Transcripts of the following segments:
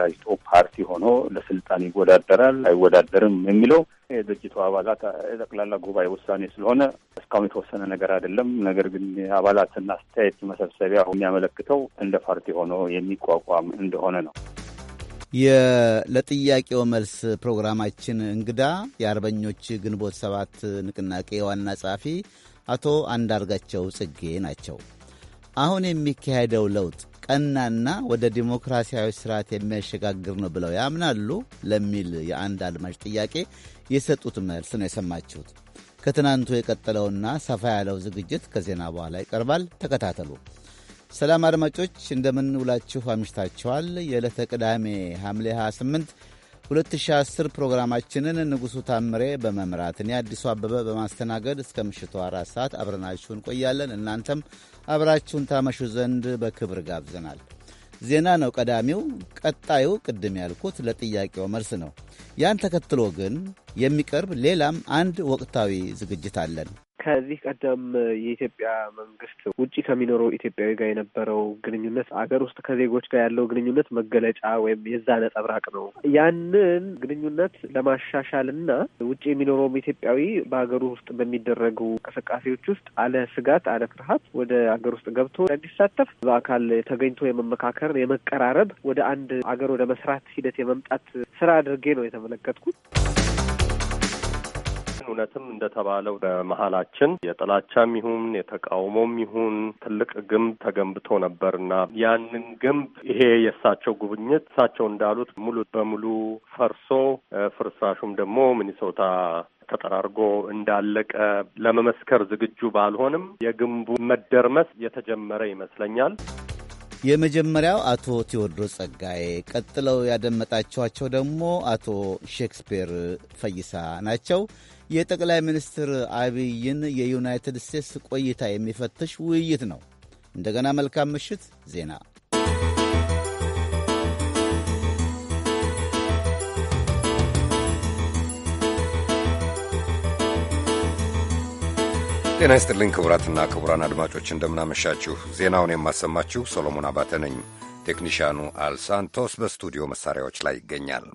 ተደራጅቶ ፓርቲ ሆኖ ለስልጣን ይወዳደራል አይወዳደርም የሚለው የድርጅቱ አባላት ጠቅላላ ጉባኤ ውሳኔ ስለሆነ እስካሁን የተወሰነ ነገር አይደለም። ነገር ግን የአባላትና አስተያየት መሰብሰቢያ የሚያመለክተው እንደ ፓርቲ ሆኖ የሚቋቋም እንደሆነ ነው። ለጥያቄው መልስ ፕሮግራማችን እንግዳ የአርበኞች ግንቦት ሰባት ንቅናቄ ዋና ጸሐፊ አቶ አንዳርጋቸው ጽጌ ናቸው። አሁን የሚካሄደው ለውጥ ቀናና ወደ ዲሞክራሲያዊ ስርዓት የሚያሸጋግር ነው ብለው ያምናሉ ለሚል የአንድ አድማጭ ጥያቄ የሰጡት መልስ ነው የሰማችሁት። ከትናንቱ የቀጠለውና ሰፋ ያለው ዝግጅት ከዜና በኋላ ይቀርባል። ተከታተሉ። ሰላም አድማጮች፣ እንደምን ውላችሁ አምሽታችኋል። የዕለተ ቅዳሜ ሐምሌ 28 2010 ፕሮግራማችንን ንጉሡ ታምሬ በመምራት እኔ አዲሱ አበበ በማስተናገድ እስከ ምሽቱ አራት ሰዓት አብረናችሁን ቆያለን። እናንተም አብራችሁን ታመሹ ዘንድ በክብር ጋብዘናል። ዜና ነው ቀዳሚው። ቀጣዩ ቅድም ያልኩት ለጥያቄው መልስ ነው። ያን ተከትሎ ግን የሚቀርብ ሌላም አንድ ወቅታዊ ዝግጅት አለን። ከዚህ ቀደም የኢትዮጵያ መንግስት ውጭ ከሚኖረው ኢትዮጵያዊ ጋር የነበረው ግንኙነት አገር ውስጥ ከዜጎች ጋር ያለው ግንኙነት መገለጫ ወይም የዛ ነጸብራቅ ነው። ያንን ግንኙነት ለማሻሻል እና ውጭ የሚኖረውም ኢትዮጵያዊ በሀገሩ ውስጥ በሚደረጉ እንቅስቃሴዎች ውስጥ አለ ስጋት አለ ፍርሃት ወደ ሀገር ውስጥ ገብቶ እንዲሳተፍ በአካል ተገኝቶ የመመካከር የመቀራረብ፣ ወደ አንድ አገር ወደ መስራት ሂደት የመምጣት ስራ አድርጌ ነው የተመለከትኩት። እውነትም እንደተባለው በመሀላችን የጥላቻም ይሁን የተቃውሞም ይሁን ትልቅ ግንብ ተገንብቶ ነበር እና ያንን ግንብ ይሄ የእሳቸው ጉብኝት እሳቸው እንዳሉት ሙሉ በሙሉ ፈርሶ ፍርስራሹም ደግሞ ሚኒሶታ ተጠራርጎ እንዳለቀ ለመመስከር ዝግጁ ባልሆንም የግንቡ መደርመስ የተጀመረ ይመስለኛል። የመጀመሪያው አቶ ቴዎድሮስ ጸጋዬ፣ ቀጥለው ያደመጣችኋቸው ደግሞ አቶ ሼክስፒር ፈይሳ ናቸው። የጠቅላይ ሚኒስትር አብይን የዩናይትድ ስቴትስ ቆይታ የሚፈትሽ ውይይት ነው። እንደገና መልካም ምሽት ዜና ጤና ይስጥልኝ ክቡራትና ክቡራን አድማጮች እንደምናመሻችሁ። ዜናውን የማሰማችሁ ሰሎሞን አባተ ነኝ። ቴክኒሽያኑ አልሳንቶስ በስቱዲዮ መሳሪያዎች ላይ ይገኛል።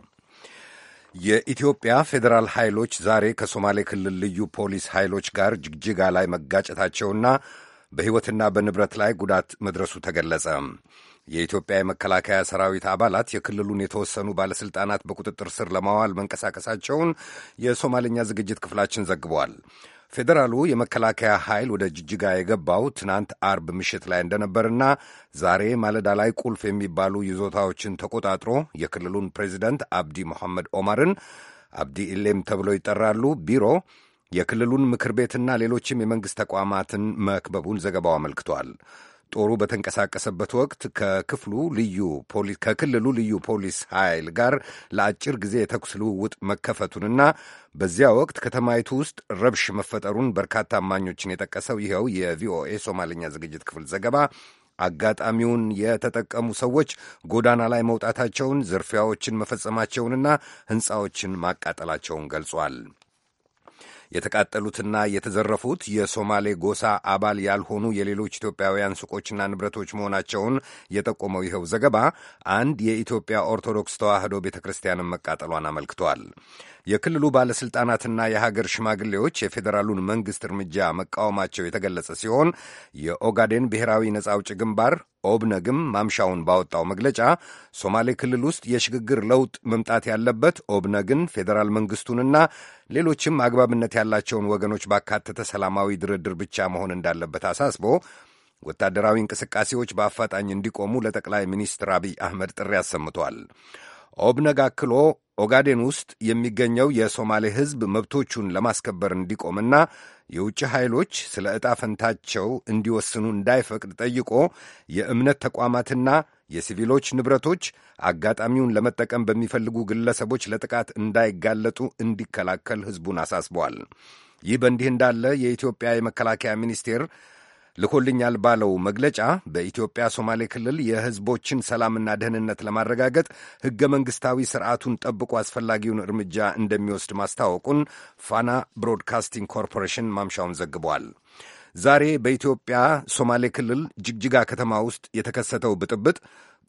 የኢትዮጵያ ፌዴራል ኃይሎች ዛሬ ከሶማሌ ክልል ልዩ ፖሊስ ኃይሎች ጋር ጅግጅጋ ላይ መጋጨታቸውና በሕይወትና በንብረት ላይ ጉዳት መድረሱ ተገለጸ። የኢትዮጵያ የመከላከያ ሰራዊት አባላት የክልሉን የተወሰኑ ባለሥልጣናት በቁጥጥር ስር ለማዋል መንቀሳቀሳቸውን የሶማልኛ ዝግጅት ክፍላችን ዘግቧል። ፌዴራሉ የመከላከያ ኃይል ወደ ጅጅጋ የገባው ትናንት አርብ ምሽት ላይ እንደነበርና ዛሬ ማለዳ ላይ ቁልፍ የሚባሉ ይዞታዎችን ተቆጣጥሮ የክልሉን ፕሬዚደንት አብዲ መሐመድ ኦማርን አብዲ ኢሌም ተብለው ይጠራሉ ቢሮ የክልሉን ምክር ቤትና ሌሎችም የመንግሥት ተቋማትን መክበቡን ዘገባው አመልክቷል። ጦሩ በተንቀሳቀሰበት ወቅት ከክፍሉ ልዩ ከክልሉ ልዩ ፖሊስ ኃይል ጋር ለአጭር ጊዜ የተኩስ ልውውጥ መከፈቱንና በዚያ ወቅት ከተማይቱ ውስጥ ረብሽ መፈጠሩን በርካታ አማኞችን የጠቀሰው ይኸው የቪኦኤ ሶማልኛ ዝግጅት ክፍል ዘገባ አጋጣሚውን የተጠቀሙ ሰዎች ጎዳና ላይ መውጣታቸውን፣ ዝርፊያዎችን መፈጸማቸውንና ሕንፃዎችን ማቃጠላቸውን ገልጿል። የተቃጠሉትና የተዘረፉት የሶማሌ ጎሳ አባል ያልሆኑ የሌሎች ኢትዮጵያውያን ሱቆችና ንብረቶች መሆናቸውን የጠቆመው ይኸው ዘገባ አንድ የኢትዮጵያ ኦርቶዶክስ ተዋሕዶ ቤተ ክርስቲያንን መቃጠሏን አመልክቷል። የክልሉ ባለሥልጣናትና የሀገር ሽማግሌዎች የፌዴራሉን መንግሥት እርምጃ መቃወማቸው የተገለጸ ሲሆን የኦጋዴን ብሔራዊ ነጻ አውጪ ግንባር ኦብነግም ማምሻውን ባወጣው መግለጫ ሶማሌ ክልል ውስጥ የሽግግር ለውጥ መምጣት ያለበት ኦብነግን፣ ፌዴራል መንግሥቱንና ሌሎችም አግባብነት ያላቸውን ወገኖች ባካተተ ሰላማዊ ድርድር ብቻ መሆን እንዳለበት አሳስቦ ወታደራዊ እንቅስቃሴዎች በአፋጣኝ እንዲቆሙ ለጠቅላይ ሚኒስትር አብይ አህመድ ጥሪ አሰምቷል። ኦብነግ አክሎ ኦጋዴን ውስጥ የሚገኘው የሶማሌ ሕዝብ መብቶቹን ለማስከበር እንዲቆምና የውጭ ኃይሎች ስለ ዕጣ ፈንታቸው እንዲወስኑ እንዳይፈቅድ ጠይቆ የእምነት ተቋማትና የሲቪሎች ንብረቶች አጋጣሚውን ለመጠቀም በሚፈልጉ ግለሰቦች ለጥቃት እንዳይጋለጡ እንዲከላከል ሕዝቡን አሳስበዋል። ይህ በእንዲህ እንዳለ የኢትዮጵያ የመከላከያ ሚኒስቴር ልኮልኛል ባለው መግለጫ በኢትዮጵያ ሶማሌ ክልል የሕዝቦችን ሰላምና ደህንነት ለማረጋገጥ ሕገ መንግሥታዊ ስርዓቱን ጠብቆ አስፈላጊውን እርምጃ እንደሚወስድ ማስታወቁን ፋና ብሮድካስቲንግ ኮርፖሬሽን ማምሻውን ዘግቧል። ዛሬ በኢትዮጵያ ሶማሌ ክልል ጅግጅጋ ከተማ ውስጥ የተከሰተው ብጥብጥ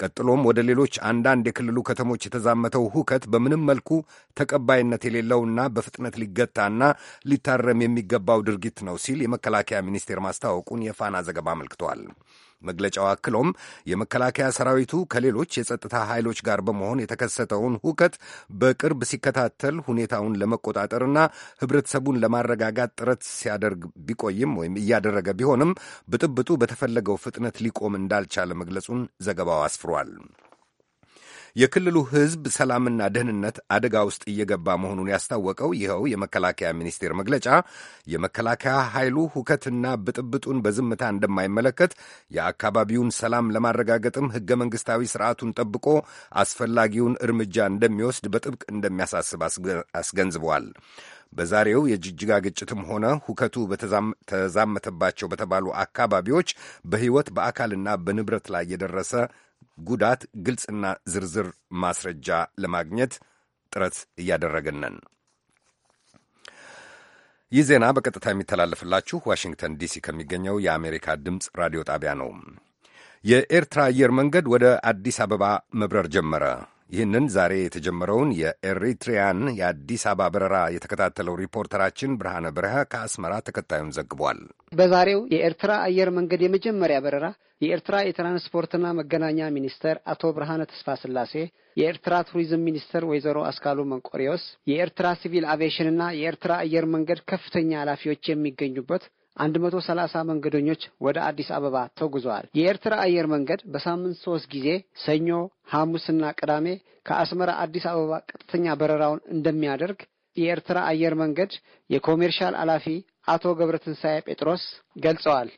ቀጥሎም ወደ ሌሎች አንዳንድ የክልሉ ከተሞች የተዛመተው ሁከት በምንም መልኩ ተቀባይነት የሌለውና በፍጥነት ሊገታና ሊታረም የሚገባው ድርጊት ነው ሲል የመከላከያ ሚኒስቴር ማስታወቁን የፋና ዘገባ አመልክቷል። መግለጫው አክሎም የመከላከያ ሰራዊቱ ከሌሎች የጸጥታ ኃይሎች ጋር በመሆን የተከሰተውን ሁከት በቅርብ ሲከታተል ሁኔታውን ለመቆጣጠርና ህብረተሰቡን ለማረጋጋት ጥረት ሲያደርግ ቢቆይም ወይም እያደረገ ቢሆንም ብጥብጡ በተፈለገው ፍጥነት ሊቆም እንዳልቻለ መግለጹን ዘገባው አስፍሯል። የክልሉ ሕዝብ ሰላምና ደህንነት አደጋ ውስጥ እየገባ መሆኑን ያስታወቀው ይኸው የመከላከያ ሚኒስቴር መግለጫ የመከላከያ ኃይሉ ሁከትና ብጥብጡን በዝምታ እንደማይመለከት የአካባቢውን ሰላም ለማረጋገጥም ሕገ መንግሥታዊ ስርዓቱን ጠብቆ አስፈላጊውን እርምጃ እንደሚወስድ በጥብቅ እንደሚያሳስብ አስገንዝበዋል። በዛሬው የጅጅጋ ግጭትም ሆነ ሁከቱ ተዛመተባቸው በተባሉ አካባቢዎች በሕይወት በአካልና በንብረት ላይ የደረሰ ጉዳት ግልጽና ዝርዝር ማስረጃ ለማግኘት ጥረት እያደረግን ነን። ይህ ዜና በቀጥታ የሚተላለፍላችሁ ዋሽንግተን ዲሲ ከሚገኘው የአሜሪካ ድምፅ ራዲዮ ጣቢያ ነው። የኤርትራ አየር መንገድ ወደ አዲስ አበባ መብረር ጀመረ። ይህንን ዛሬ የተጀመረውን የኤሪትሪያን የአዲስ አበባ በረራ የተከታተለው ሪፖርተራችን ብርሃነ በረሀ ከአስመራ ተከታዩን ዘግቧል። በዛሬው የኤርትራ አየር መንገድ የመጀመሪያ በረራ የኤርትራ የትራንስፖርትና መገናኛ ሚኒስተር አቶ ብርሃነ ተስፋ ስላሴ፣ የኤርትራ ቱሪዝም ሚኒስተር ወይዘሮ አስካሉ መንቆሪዎስ፣ የኤርትራ ሲቪል አቪዬሽንና የኤርትራ አየር መንገድ ከፍተኛ ኃላፊዎች የሚገኙበት አንድ መቶ ሰላሳ መንገደኞች ወደ አዲስ አበባ ተጉዘዋል። የኤርትራ አየር መንገድ በሳምንት ሶስት ጊዜ ሰኞ፣ ሐሙስና ቅዳሜ ከአስመራ አዲስ አበባ ቀጥተኛ በረራውን እንደሚያደርግ የኤርትራ አየር መንገድ የኮሜርሻል ኃላፊ አቶ ገብረትንሳኤ ጴጥሮስ ገልጸዋል።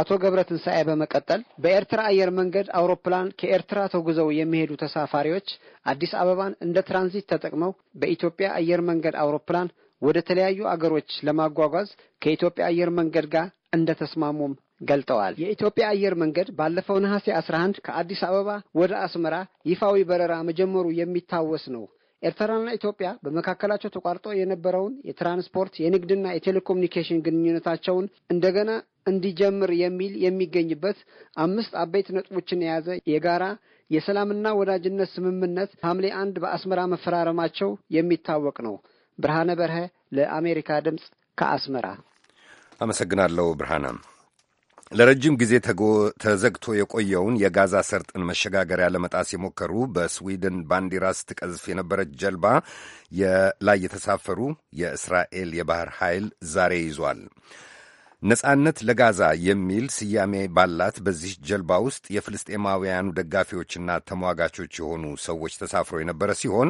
አቶ ገብረትንሳኤ በመቀጠል በኤርትራ አየር መንገድ አውሮፕላን ከኤርትራ ተጉዘው የሚሄዱ ተሳፋሪዎች አዲስ አበባን እንደ ትራንዚት ተጠቅመው በኢትዮጵያ አየር መንገድ አውሮፕላን ወደ ተለያዩ አገሮች ለማጓጓዝ ከኢትዮጵያ አየር መንገድ ጋር እንደተስማሙም ገልጠዋል። የኢትዮጵያ አየር መንገድ ባለፈው ነሐሴ 11 ከአዲስ አበባ ወደ አስመራ ይፋዊ በረራ መጀመሩ የሚታወስ ነው። ኤርትራና ኢትዮጵያ በመካከላቸው ተቋርጦ የነበረውን የትራንስፖርት የንግድና የቴሌኮሙኒኬሽን ግንኙነታቸውን እንደገና እንዲጀምር የሚል የሚገኝበት አምስት አበይት ነጥቦችን የያዘ የጋራ የሰላምና ወዳጅነት ስምምነት ሐምሌ አንድ በአስመራ መፈራረማቸው የሚታወቅ ነው። ብርሃነ በርሀ ለአሜሪካ ድምፅ ከአስመራ አመሰግናለሁ። ብርሃነ ለረጅም ጊዜ ተዘግቶ የቆየውን የጋዛ ሰርጥን መሸጋገሪያ ለመጣስ የሞከሩ በስዊድን ባንዲራ ስትቀዝፍ የነበረች ጀልባ ላይ የተሳፈሩ የእስራኤል የባህር ኃይል ዛሬ ይዟል። ነጻነት ለጋዛ የሚል ስያሜ ባላት በዚህ ጀልባ ውስጥ የፍልስጤማውያኑ ደጋፊዎችና ተሟጋቾች የሆኑ ሰዎች ተሳፍሮ የነበረ ሲሆን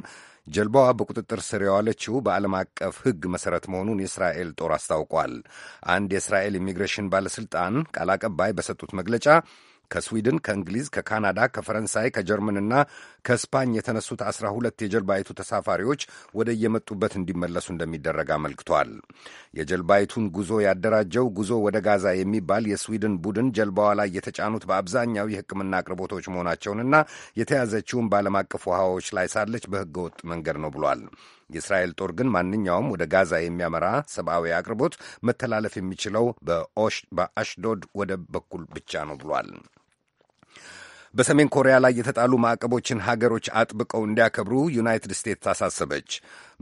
ጀልባዋ በቁጥጥር ስር የዋለችው በዓለም አቀፍ ሕግ መሠረት መሆኑን የእስራኤል ጦር አስታውቋል። አንድ የእስራኤል ኢሚግሬሽን ባለሥልጣን ቃል አቀባይ በሰጡት መግለጫ ከስዊድን፣ ከእንግሊዝ፣ ከካናዳ፣ ከፈረንሳይ፣ ከጀርመንና ከስፓኝ የተነሱት አስራ ሁለት የጀልባይቱ ተሳፋሪዎች ወደ የመጡበት እንዲመለሱ እንደሚደረግ አመልክቷል። የጀልባይቱን ጉዞ ያደራጀው ጉዞ ወደ ጋዛ የሚባል የስዊድን ቡድን ጀልባዋ ላይ የተጫኑት በአብዛኛው የሕክምና አቅርቦቶች መሆናቸውንና የተያዘችውን በዓለም አቀፍ ውሃዎች ላይ ሳለች በሕገ ወጥ መንገድ ነው ብሏል። የእስራኤል ጦር ግን ማንኛውም ወደ ጋዛ የሚያመራ ሰብአዊ አቅርቦት መተላለፍ የሚችለው በአሽዶድ ወደብ በኩል ብቻ ነው ብሏል። በሰሜን ኮሪያ ላይ የተጣሉ ማዕቀቦችን ሀገሮች አጥብቀው እንዲያከብሩ ዩናይትድ ስቴትስ አሳሰበች።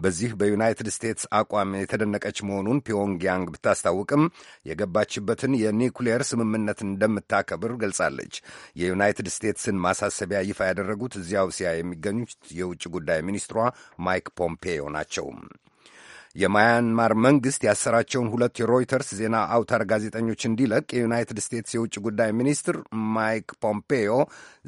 በዚህ በዩናይትድ ስቴትስ አቋም የተደነቀች መሆኑን ፒዮንግያንግ ብታስታውቅም የገባችበትን የኒውክሌር ስምምነት እንደምታከብር ገልጻለች። የዩናይትድ ስቴትስን ማሳሰቢያ ይፋ ያደረጉት እዚያው ሲያ የሚገኙት የውጭ ጉዳይ ሚኒስትሯ ማይክ ፖምፔዮ ናቸው። የማያንማር መንግሥት ያሰራቸውን ሁለት የሮይተርስ ዜና አውታር ጋዜጠኞች እንዲለቅ የዩናይትድ ስቴትስ የውጭ ጉዳይ ሚኒስትር ማይክ ፖምፔዮ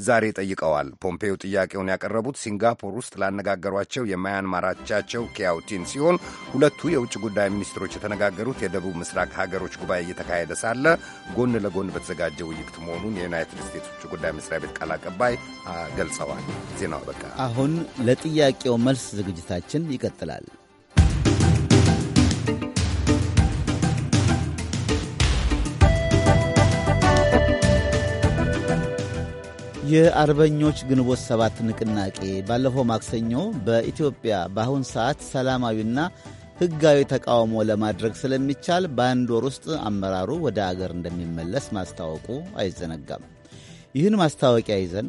ዛሬ ጠይቀዋል። ፖምፔዮ ጥያቄውን ያቀረቡት ሲንጋፖር ውስጥ ላነጋገሯቸው የማያንማር አቻቸው ኪያውቲን ሲሆን ሁለቱ የውጭ ጉዳይ ሚኒስትሮች የተነጋገሩት የደቡብ ምስራቅ ሀገሮች ጉባኤ እየተካሄደ ሳለ ጎን ለጎን በተዘጋጀ ውይይት መሆኑን የዩናይትድ ስቴትስ ውጭ ጉዳይ መስሪያ ቤት ቃል አቀባይ ገልጸዋል። ዜናው በቃ። አሁን ለጥያቄው መልስ ዝግጅታችን ይቀጥላል። የአርበኞች ግንቦት ሰባት ንቅናቄ ባለፈው ማክሰኞ በኢትዮጵያ በአሁን ሰዓት ሰላማዊና ሕጋዊ ተቃውሞ ለማድረግ ስለሚቻል በአንድ ወር ውስጥ አመራሩ ወደ አገር እንደሚመለስ ማስታወቁ አይዘነጋም። ይህን ማስታወቂያ ይዘን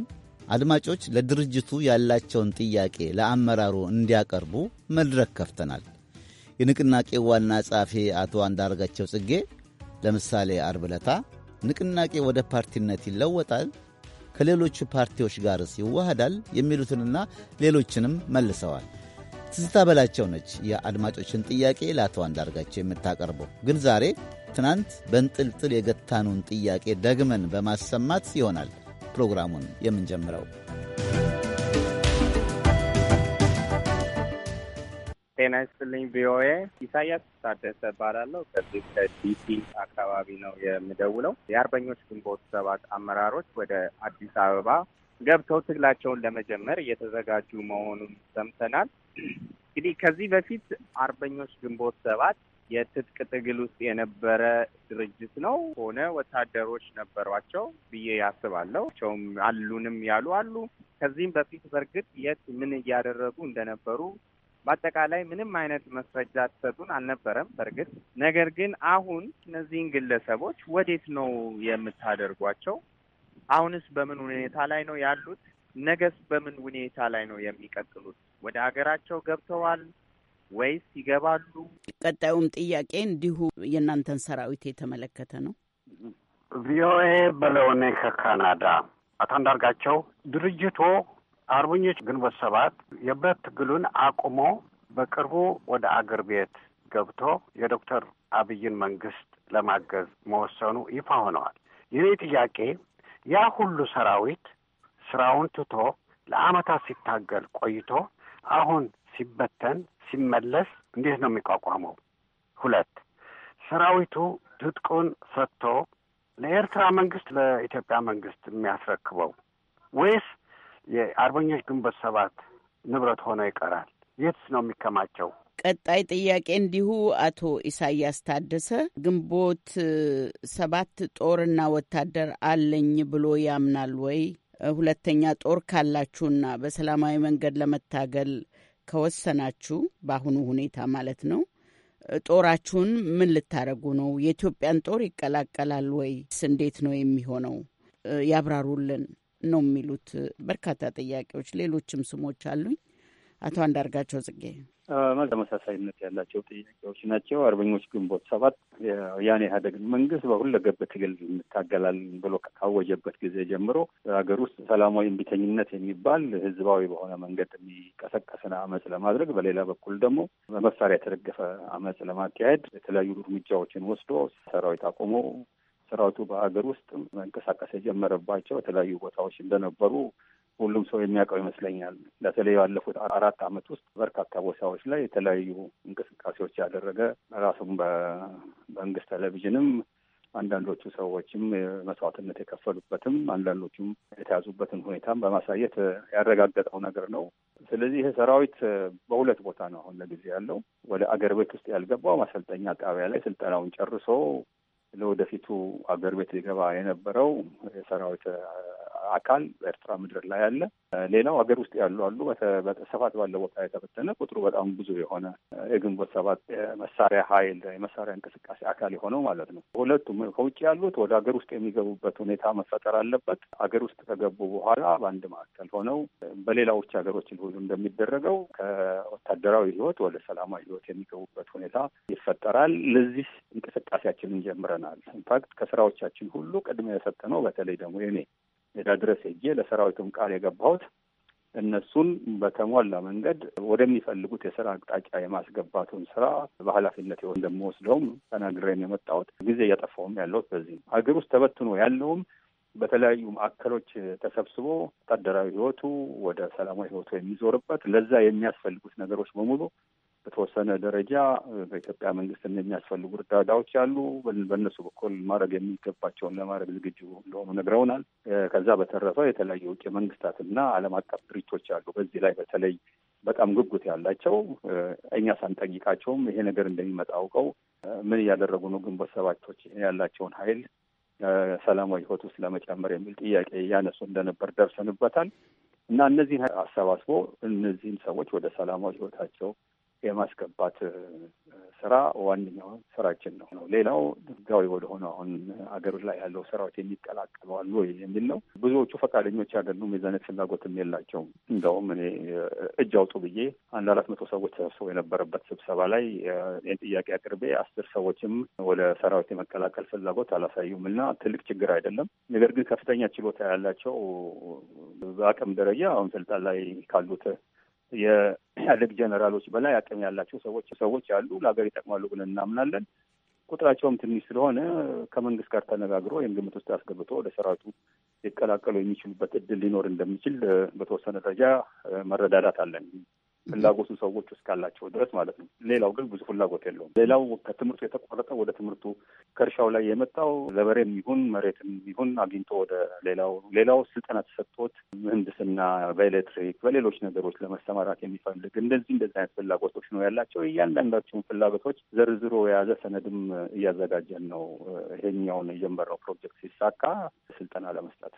አድማጮች ለድርጅቱ ያላቸውን ጥያቄ ለአመራሩ እንዲያቀርቡ መድረክ ከፍተናል። የንቅናቄ ዋና ጸሐፊ አቶ አንዳርጋቸው ጽጌ ለምሳሌ አርብ ንቅናቄ ወደ ፓርቲነት ይለወጣል ከሌሎች ፓርቲዎች ጋርስ ይዋሃዳል የሚሉትንና ሌሎችንም መልሰዋል። ትዝታ በላቸው ነች የአድማጮችን ጥያቄ ለአቶ አንዳርጋቸው የምታቀርበው። ግን ዛሬ ትናንት በንጥልጥል የገታኑን ጥያቄ ደግመን በማሰማት ይሆናል ፕሮግራሙን የምንጀምረው። ጤና ይስጥልኝ ቪኦኤ። ኢሳያስ ታደሰ እባላለሁ። ከዚህ ከዲሲ አካባቢ ነው የምደውለው። የአርበኞች ግንቦት ሰባት አመራሮች ወደ አዲስ አበባ ገብተው ትግላቸውን ለመጀመር እየተዘጋጁ መሆኑን ሰምተናል። እንግዲህ ከዚህ በፊት አርበኞች ግንቦት ሰባት የትጥቅ ትግል ውስጥ የነበረ ድርጅት ነው ሆነ ወታደሮች ነበሯቸው ብዬ ያስባለሁ። ቸውም አሉንም ያሉ አሉ። ከዚህም በፊት በእርግጥ የት ምን እያደረጉ እንደነበሩ በአጠቃላይ ምንም አይነት መስረጃ ትሰጡን አልነበረም። በእርግጥ ነገር ግን አሁን እነዚህን ግለሰቦች ወዴት ነው የምታደርጓቸው? አሁንስ በምን ሁኔታ ላይ ነው ያሉት? ነገስ በምን ሁኔታ ላይ ነው የሚቀጥሉት? ወደ ሀገራቸው ገብተዋል ወይስ ይገባሉ? ቀጣዩም ጥያቄ እንዲሁ የእናንተን ሰራዊት የተመለከተ ነው። ቪኦኤ በለሆኔ ከካናዳ አቶ አንዳርጋቸው ድርጅቶ አርበኞች ግንቦት ሰባት የብረት ትግሉን አቁሞ በቅርቡ ወደ አገር ቤት ገብቶ የዶክተር አብይን መንግስት ለማገዝ መወሰኑ ይፋ ሆነዋል። የኔ ጥያቄ ያ ሁሉ ሰራዊት ስራውን ትቶ ለአመታት ሲታገል ቆይቶ አሁን ሲበተን ሲመለስ እንዴት ነው የሚቋቋመው? ሁለት ሰራዊቱ ትጥቁን ሰጥቶ ለኤርትራ መንግስት፣ ለኢትዮጵያ መንግስት የሚያስረክበው ወይስ የአርበኞች ግንቦት ሰባት ንብረት ሆኖ ይቀራል። የትስ ነው የሚከማቸው? ቀጣይ ጥያቄ እንዲሁ አቶ ኢሳያስ ታደሰ ግንቦት ሰባት ጦርና ወታደር አለኝ ብሎ ያምናል ወይ? ሁለተኛ ጦር ካላችሁና በሰላማዊ መንገድ ለመታገል ከወሰናችሁ በአሁኑ ሁኔታ ማለት ነው ጦራችሁን ምን ልታደርጉ ነው? የኢትዮጵያን ጦር ይቀላቀላል ወይስ እንዴት ነው የሚሆነው? ያብራሩልን። ነው የሚሉት በርካታ ጥያቄዎች። ሌሎችም ስሞች አሉኝ። አቶ አንዳርጋቸው ጽጌ ተመሳሳይነት ያላቸው ጥያቄዎች ናቸው። አርበኞች ግንቦት ሰባት ያኔ ኢህአዴግን መንግስት በሁለገብ ትግል እንታገላለን ብሎ ካወጀበት ጊዜ ጀምሮ ሀገር ውስጥ ሰላማዊ እምቢተኝነት የሚባል ህዝባዊ በሆነ መንገድ የሚቀሰቀስን አመፅ ለማድረግ፣ በሌላ በኩል ደግሞ በመሳሪያ የተደገፈ አመፅ ለማካሄድ የተለያዩ እርምጃዎችን ወስዶ ሰራዊት አቁሞ ሰራዊቱ በሀገር ውስጥ መንቀሳቀስ የጀመረባቸው የተለያዩ ቦታዎች እንደነበሩ ሁሉም ሰው የሚያውቀው ይመስለኛል። በተለይ ባለፉት አራት ዓመት ውስጥ በርካታ ቦታዎች ላይ የተለያዩ እንቅስቃሴዎች ያደረገ ራሱም በመንግስት ቴሌቪዥንም አንዳንዶቹ ሰዎችም መስዋዕትነት የከፈሉበትም አንዳንዶቹም የተያዙበትን ሁኔታም በማሳየት ያረጋገጠው ነገር ነው። ስለዚህ ይህ ሰራዊት በሁለት ቦታ ነው አሁን ለጊዜ ያለው። ወደ አገር ቤት ውስጥ ያልገባው ማሰልጠኛ ጣቢያ ላይ ስልጠናውን ጨርሶ ለወደፊቱ አገር ቤት ሊገባ የነበረው የሰራዊት አካል በኤርትራ ምድር ላይ አለ። ሌላው ሀገር ውስጥ ያሉ አሉ። ስፋት ባለው ቦታ የተበተነ ቁጥሩ በጣም ብዙ የሆነ የግንቦት ሰባት መሳሪያ ኃይል የመሳሪያ እንቅስቃሴ አካል የሆነው ማለት ነው። ሁለቱም ከውጭ ያሉት ወደ ሀገር ውስጥ የሚገቡበት ሁኔታ መፈጠር አለበት። ሀገር ውስጥ ከገቡ በኋላ በአንድ ማዕከል ሆነው በሌላዎች ሀገሮችን ሁሉ እንደሚደረገው ከወታደራዊ ህይወት ወደ ሰላማዊ ህይወት የሚገቡበት ሁኔታ ይፈጠራል። ለዚህ እንቅስቃሴያችንን ጀምረናል። ኢንፋክት ከስራዎቻችን ሁሉ ቅድሚያ የሰጠነው በተለይ ደግሞ የኔ ሜዳ ድረስ ሄጄ ለሰራዊቱም ቃል የገባሁት እነሱን በተሟላ መንገድ ወደሚፈልጉት የስራ አቅጣጫ የማስገባቱን ስራ በኃላፊነት የሆን እንደምወስደውም ተናግሬን የመጣሁት ጊዜ እያጠፋውም ያለሁት በዚህ ነው። ሀገር ውስጥ ተበትኖ ያለውም በተለያዩ ማዕከሎች ተሰብስቦ ወታደራዊ ህይወቱ ወደ ሰላማዊ ህይወቱ የሚዞርበት ለዛ የሚያስፈልጉት ነገሮች በሙሉ በተወሰነ ደረጃ በኢትዮጵያ መንግስት የሚያስፈልጉ እርዳታዎች ያሉ በእነሱ በኩል ማድረግ የሚገባቸውን ለማድረግ ዝግጁ እንደሆኑ ነግረውናል። ከዛ በተረፈ የተለያዩ መንግስታት መንግስታትና ዓለም አቀፍ ድርጅቶች አሉ። በዚህ ላይ በተለይ በጣም ጉጉት ያላቸው እኛ ሳንጠይቃቸውም ይሄ ነገር እንደሚመጣ አውቀው ምን እያደረጉ ነው ግንቦት ሰባቶች ያላቸውን ኃይል ሰላማዊ ህይወት ውስጥ ለመጨመር የሚል ጥያቄ ያነሱ እንደነበር ደርሰንበታል እና እነዚህን አሰባስቦ እነዚህን ሰዎች ወደ ሰላማዊ ህይወታቸው የማስገባት ስራ ዋነኛው ስራችን ነው ነው ሌላው ህጋዊ ወደሆነ አሁን አገር ላይ ያለው ሰራዊት የሚቀላቀሉ ወይ የሚል ነው። ብዙዎቹ ፈቃደኞች ያገኙ የዛነት ፍላጎትም የላቸውም። እንደውም እኔ እጅ አውጡ ብዬ አንድ አራት መቶ ሰዎች ተሰብስበው የነበረበት ስብሰባ ላይ ይህን ጥያቄ አቅርቤ አስር ሰዎችም ወደ ሰራዊት የመቀላቀል ፍላጎት አላሳዩም እና ትልቅ ችግር አይደለም። ነገር ግን ከፍተኛ ችሎታ ያላቸው በአቅም ደረጃ አሁን ስልጣን ላይ ካሉት የኢህአዴግ ጀኔራሎች በላይ አቅም ያላቸው ሰዎች ሰዎች አሉ። ለሀገር ይጠቅማሉ ብለን እናምናለን። ቁጥራቸውም ትንሽ ስለሆነ ከመንግስት ጋር ተነጋግሮ ወይም ግምት ውስጥ አስገብቶ ወደ ሰራዊቱ ሊቀላቀሉ የሚችሉበት እድል ሊኖር እንደሚችል በተወሰነ ደረጃ መረዳዳት አለን። ፍላጎቱ ሰዎች እስካላቸው ድረስ ማለት ነው። ሌላው ግን ብዙ ፍላጎት የለውም። ሌላው ከትምህርቱ የተቋረጠ ወደ ትምህርቱ ከእርሻው ላይ የመጣው ዘበሬም ይሁን መሬትም ይሁን አግኝቶ ወደ ሌላው ሌላው ስልጠና ተሰጥቶት ምህንድስና፣ በኤሌክትሪክ በሌሎች ነገሮች ለመሰማራት የሚፈልግ እንደዚህ እንደዚህ አይነት ፍላጎቶች ነው ያላቸው። እያንዳንዳቸውን ፍላጎቶች ዘርዝሮ የያዘ ሰነድም እያዘጋጀን ነው። ይሄኛውን የጀመረው ፕሮጀክት ሲሳካ ስልጠና ለመስጠት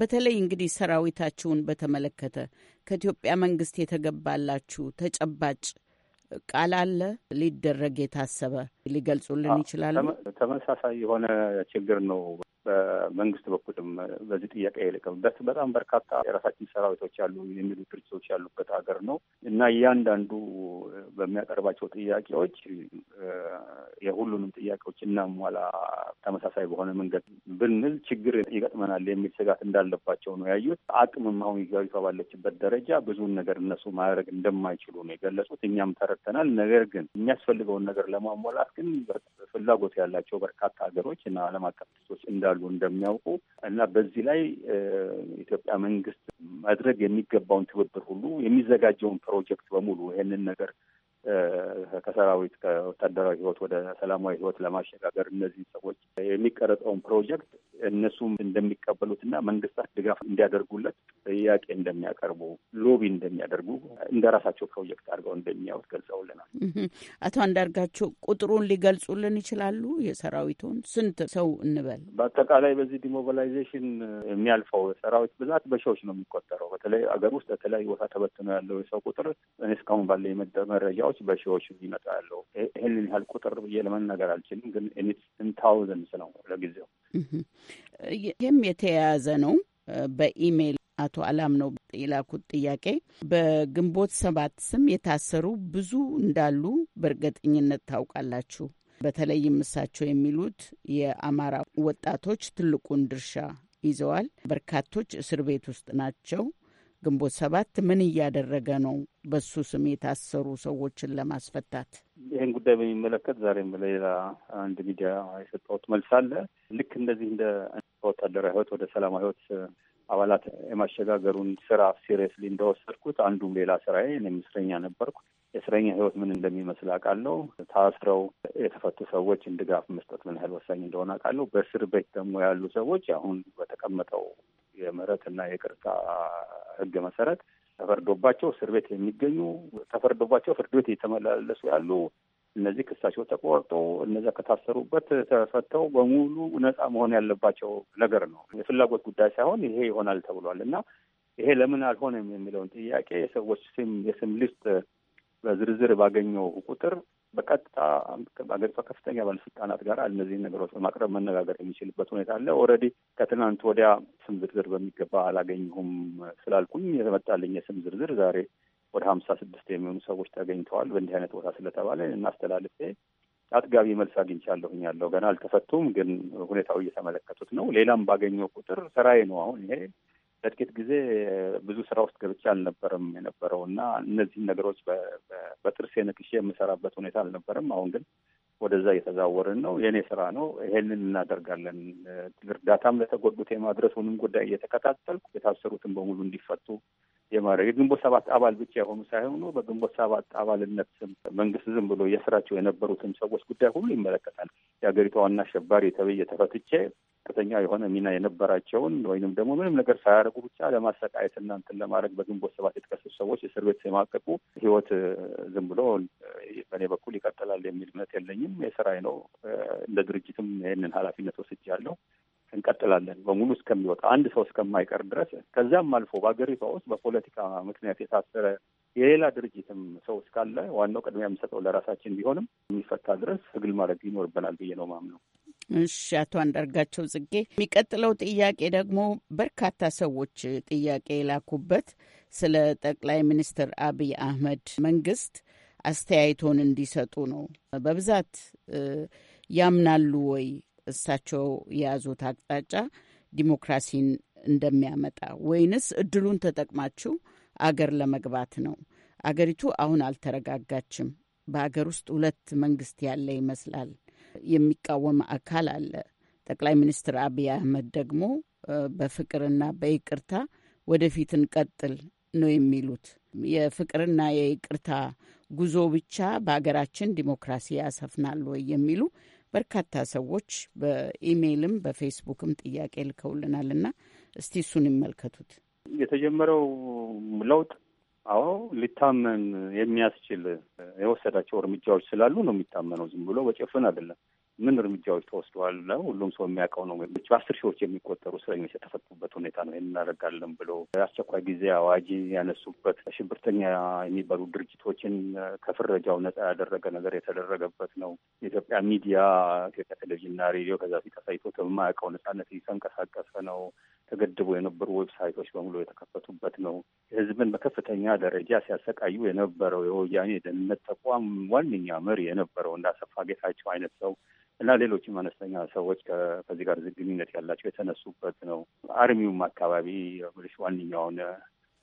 በተለይ እንግዲህ ሰራዊታችሁን በተመለከተ ከኢትዮጵያ መንግስት የተገባላችሁ ተጨባጭ ቃል አለ ሊደረግ የታሰበ ሊገልጹልን ይችላሉ? ተመሳሳይ የሆነ ችግር ነው በመንግስት በኩልም በዚህ ጥያቄ የልቅበት በጣም በርካታ የራሳችን ሰራዊቶች ያሉ የሚሉ ድርጅቶች ያሉበት ሀገር ነው እና እያንዳንዱ በሚያቀርባቸው ጥያቄዎች የሁሉንም ጥያቄዎች እናሟላ ተመሳሳይ በሆነ መንገድ ብንል ችግር ይገጥመናል የሚል ስጋት እንዳለባቸው ነው ያዩት። አቅምም አሁን ሀገሪቷ ባለችበት ደረጃ ብዙን ነገር እነሱ ማድረግ እንደማይችሉ ነው የገለጹት። እኛም ተረድተናል። ነገር ግን የሚያስፈልገውን ነገር ለማሟላት ግን ፍላጎት ያላቸው በርካታ ሀገሮች እና ዓለም አቀፍ ድርጅቶች እንዳሉ ይችላሉ እንደሚያውቁ እና በዚህ ላይ ኢትዮጵያ መንግስት ማድረግ የሚገባውን ትብብር ሁሉ የሚዘጋጀውን ፕሮጀክት በሙሉ ይህንን ነገር ከሰራዊት ከወታደራዊ ህይወት ወደ ሰላማዊ ህይወት ለማሸጋገር እነዚህ ሰዎች የሚቀረጸውን ፕሮጀክት እነሱም እንደሚቀበሉትና መንግስታት ድጋፍ እንዲያደርጉለት ጥያቄ እንደሚያቀርቡ ሎቢ እንደሚያደርጉ እንደ ራሳቸው ፕሮጀክት አድርገው እንደሚያዩት ገልጸውልናል። አቶ አንዳርጋቸው ቁጥሩን ሊገልጹልን ይችላሉ? የሰራዊቱን ስንት ሰው እንበል? በአጠቃላይ በዚህ ዲሞቢላይዜሽን የሚያልፈው ሰራዊት ብዛት በሺዎች ነው የሚቆጠረው። በተለይ አገር ውስጥ በተለያዩ ቦታ ተበትኖ ያለው የሰው ቁጥር እኔ እስካሁን ባለ መረጃዎች ሰዎች በሺዎች ይመጣሉ። ይህንን ያህል ቁጥር ብዬ ለመናገር አልችልም፣ ግን ኢን ታውዘንድስ ነው ለጊዜው። ይህም የተያያዘ ነው። በኢሜይል አቶ አላም ነው የላኩት ጥያቄ በግንቦት ሰባት ስም የታሰሩ ብዙ እንዳሉ በእርግጠኝነት ታውቃላችሁ። በተለይም እሳቸው የሚሉት የአማራ ወጣቶች ትልቁን ድርሻ ይዘዋል። በርካቶች እስር ቤት ውስጥ ናቸው። ግንቦት ሰባት ምን እያደረገ ነው? በሱ ስም የታሰሩ ሰዎችን ለማስፈታት ይህን ጉዳይ በሚመለከት ዛሬም በሌላ አንድ ሚዲያ የሰጠሁት መልስ አለ። ልክ እንደዚህ እንደ ወታደራዊ ህይወት ወደ ሰላማዊ ህይወት አባላት የማሸጋገሩን ስራ ሲሪየስሊ እንደወሰድኩት አንዱም ሌላ ስራዬ እኔም እስረኛ ነበርኩ። የእስረኛ ህይወት ምን እንደሚመስል አውቃለሁ። ታስረው የተፈቱ ሰዎች ድጋፍ መስጠት ምን ያህል ወሳኝ እንደሆነ አውቃለሁ። በእስር ቤት ደግሞ ያሉ ሰዎች አሁን በተቀመጠው የምህረት እና የቅርታ ህግ መሰረት ተፈርዶባቸው እስር ቤት የሚገኙ ተፈርዶባቸው ፍርድ ቤት እየተመላለሱ ያሉ እነዚህ ክሳቸው ተቆርጦ እነዚ ከታሰሩበት ተፈተው በሙሉ ነፃ መሆን ያለባቸው ነገር ነው። የፍላጎት ጉዳይ ሳይሆን ይሄ ይሆናል ተብሏል እና ይሄ ለምን አልሆነም የሚለውን ጥያቄ የሰዎች ስም የስም ሊስት በዝርዝር ባገኘው ቁጥር በቀጥታ በአገሪቷ ከፍተኛ ባለስልጣናት ጋር እነዚህን ነገሮች በማቅረብ መነጋገር የሚችልበት ሁኔታ አለ። ኦልሬዲ ከትናንት ወዲያ ስም ዝርዝር በሚገባ አላገኘሁም ስላልኩኝ የተመጣልኝ የስም ዝርዝር ዛሬ ወደ ሀምሳ ስድስት የሚሆኑ ሰዎች ተገኝተዋል በእንዲህ አይነት ቦታ ስለተባለ እናስተላልፌ አጥጋቢ መልስ አግኝቻለሁኝ። ያለው ገና አልተፈቱም፣ ግን ሁኔታው እየተመለከቱት ነው። ሌላም ባገኘው ቁጥር ስራዬ ነው። አሁን ይሄ በጥቂት ጊዜ ብዙ ስራ ውስጥ ገብቼ አልነበረም የነበረው እና እነዚህን ነገሮች በጥርሴ ነክሼ የምሰራበት ሁኔታ አልነበረም። አሁን ግን ወደዛ እየተዛወርን ነው። የእኔ ስራ ነው። ይሄንን እናደርጋለን። እርዳታም ለተጎዱት የማድረሱንም ጉዳይ እየተከታተልኩ የታሰሩትን በሙሉ እንዲፈቱ የማድረግ የግንቦት ሰባት አባል ብቻ የሆኑ ሳይሆኑ በግንቦት ሰባት አባልነት ስም መንግስት ዝም ብሎ የስራቸው የነበሩትን ሰዎች ጉዳይ ሁሉ ይመለከታል። የሀገሪቷ ዋና አሸባሪ ተብዬ ተፈትቼ ከፍተኛ የሆነ ሚና የነበራቸውን ወይንም ደግሞ ምንም ነገር ሳያደርጉ ብቻ ለማሰቃየት እና እንትን ለማድረግ በግንቦት ሰባት የተከሰሱ ሰዎች እስር ቤት ሲማቀቁ ህይወት ዝም ብሎ በእኔ በኩል ይቀጥላል የሚል እምነት የለኝም። የስራዬ ነው። እንደ ድርጅትም ይህንን ኃላፊነት ወስጃለሁ። እንቀጥላለን በሙሉ እስከሚወጣ አንድ ሰው እስከማይቀር ድረስ ከዚያም አልፎ በሀገሪቷ ውስጥ በፖለቲካ ምክንያት የታሰረ የሌላ ድርጅትም ሰው እስካለ ዋናው ቅድሚያ የምሰጠው ለራሳችን ቢሆንም የሚፈታ ድረስ ትግል ማድረግ ይኖርብናል ብዬ ነው ማምነው። እሺ፣ አቶ አንዳርጋቸው ጽጌ፣ የሚቀጥለው ጥያቄ ደግሞ በርካታ ሰዎች ጥያቄ የላኩበት ስለ ጠቅላይ ሚኒስትር አብይ አህመድ መንግስት አስተያየቶን እንዲሰጡ ነው። በብዛት ያምናሉ ወይ እሳቸው የያዙት አቅጣጫ ዲሞክራሲን እንደሚያመጣ ወይንስ እድሉን ተጠቅማችሁ አገር ለመግባት ነው? አገሪቱ አሁን አልተረጋጋችም። በአገር ውስጥ ሁለት መንግስት ያለ ይመስላል የሚቃወም አካል አለ። ጠቅላይ ሚኒስትር አብይ አህመድ ደግሞ በፍቅርና በይቅርታ ወደፊት እንቀጥል ነው የሚሉት። የፍቅርና የይቅርታ ጉዞ ብቻ በሀገራችን ዲሞክራሲ ያሰፍናል ወይ የሚሉ በርካታ ሰዎች በኢሜይልም በፌስቡክም ጥያቄ ልከውልናል እና እስቲ እሱን ይመልከቱት። የተጀመረው ለውጥ አዎ ሊታመን የሚያስችል የወሰዳቸው እርምጃዎች ስላሉ ነው የሚታመነው። ዝም ብሎ በጭፍን አይደለም። ምን እርምጃዎች ተወስደዋል? ሁሉም ሰው የሚያውቀው ነው። በአስር ሺዎች የሚቆጠሩ እስረኞች የተፈቱበት ሁኔታ ነው። ይህን እናደርጋለን ብሎ አስቸኳይ ጊዜ አዋጅ ያነሱበት፣ ሽብርተኛ የሚባሉ ድርጅቶችን ከፍረጃው ነጻ ያደረገ ነገር የተደረገበት ነው። የኢትዮጵያ ሚዲያ ኢትዮጵያ ቴሌቪዥንና ሬዲዮ ከዛ ፊት አሳይቶት በማያውቀው ነጻነት እየተንቀሳቀሰ ነው። ተገድቦ የነበሩ ዌብሳይቶች በሙሉ የተከፈቱበት ነው። ህዝብን በከፍተኛ ደረጃ ሲያሰቃዩ የነበረው የወያኔ የደህንነት ተቋም ዋነኛ መሪ የነበረው እንደ አሰፋ ጌታቸው አይነት ሰው እና ሌሎችም አነስተኛ ሰዎች ከዚህ ጋር ግንኙነት ያላቸው የተነሱበት ነው። አርሚውም አካባቢ ዋነኛውን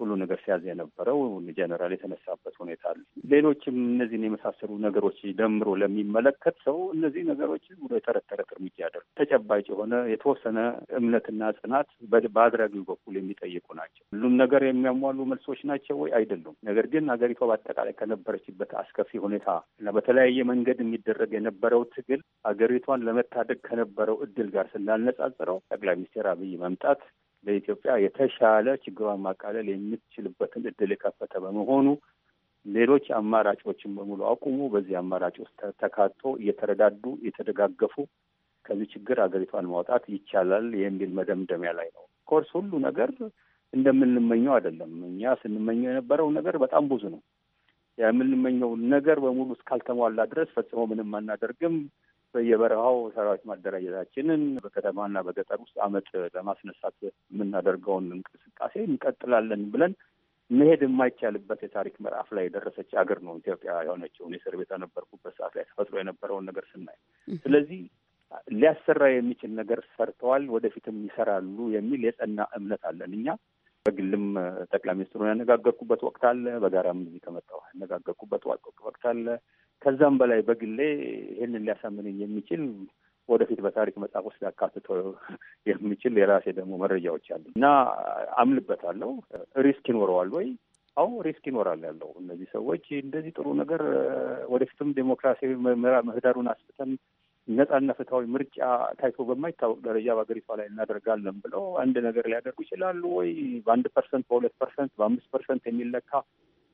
ሁሉ ነገር ሲያዝ የነበረው ጀነራል የተነሳበት ሁኔታ አለ። ሌሎችም እነዚህን የመሳሰሉ ነገሮች ደምሮ ለሚመለከት ሰው እነዚህ ነገሮች ብሎ የተረተረት እርምጃ ያደርጉ ተጨባጭ የሆነ የተወሰነ እምነትና ጽናት በአድራጊው በኩል የሚጠይቁ ናቸው። ሁሉም ነገር የሚያሟሉ መልሶች ናቸው ወይ? አይደሉም። ነገር ግን ሀገሪቷ በአጠቃላይ ከነበረችበት አስከፊ ሁኔታ እና በተለያየ መንገድ የሚደረግ የነበረው ትግል ሀገሪቷን ለመታደግ ከነበረው እድል ጋር ስናነጻጽረው ጠቅላይ ሚኒስትር አብይ መምጣት ለኢትዮጵያ የተሻለ ችግሯን ማቃለል የምትችልበትን እድል የከፈተ በመሆኑ ሌሎች አማራጮችን በሙሉ አቁሙ፣ በዚህ አማራጭ ውስጥ ተካቶ እየተረዳዱ እየተደጋገፉ ከዚህ ችግር አገሪቷን ማውጣት ይቻላል የሚል መደምደሚያ ላይ ነው። ኮርስ ሁሉ ነገር እንደምንመኘው አይደለም። እኛ ስንመኘው የነበረው ነገር በጣም ብዙ ነው። የምንመኘው ነገር በሙሉ እስካልተሟላ ድረስ ፈጽሞ ምንም አናደርግም። በየበረሃው ሰራዊት ማደራጀታችንን በከተማና በገጠር ውስጥ አመት ለማስነሳት የምናደርገውን እንቅስቃሴ እንቀጥላለን ብለን መሄድ የማይቻልበት የታሪክ ምዕራፍ ላይ የደረሰች አገር ነው ኢትዮጵያ የሆነችውን የእስር ቤት የነበርኩበት ሰዓት ላይ ተፈጥሮ የነበረውን ነገር ስናይ፣ ስለዚህ ሊያሰራ የሚችል ነገር ሰርተዋል፣ ወደፊትም ይሰራሉ የሚል የጸና እምነት አለን እኛ በግልም ጠቅላይ ሚኒስትሩን ያነጋገርኩበት ወቅት አለ። በጋራም እዚህ ከመጣሁ ያነጋገርኩበት ወቅት አለ። ከዛም በላይ በግሌ ይህንን ሊያሳምንኝ የሚችል ወደፊት በታሪክ መጽሐፍ ውስጥ ሊያካትቶ የሚችል የራሴ ደግሞ መረጃዎች አሉ እና አምልበታለሁ። ሪስክ ይኖረዋል ወይ? አዎ ሪስክ ይኖራል ያለው እነዚህ ሰዎች እንደዚህ ጥሩ ነገር ወደፊትም ዴሞክራሲያዊ ምህዳሩን አስፍተን ነጻና ፍትሐዊ ምርጫ ታይቶ በማይታወቅ ደረጃ በሀገሪቷ ላይ እናደርጋለን ብለው አንድ ነገር ሊያደርጉ ይችላሉ ወይ? በአንድ ፐርሰንት፣ በሁለት ፐርሰንት፣ በአምስት ፐርሰንት የሚለካ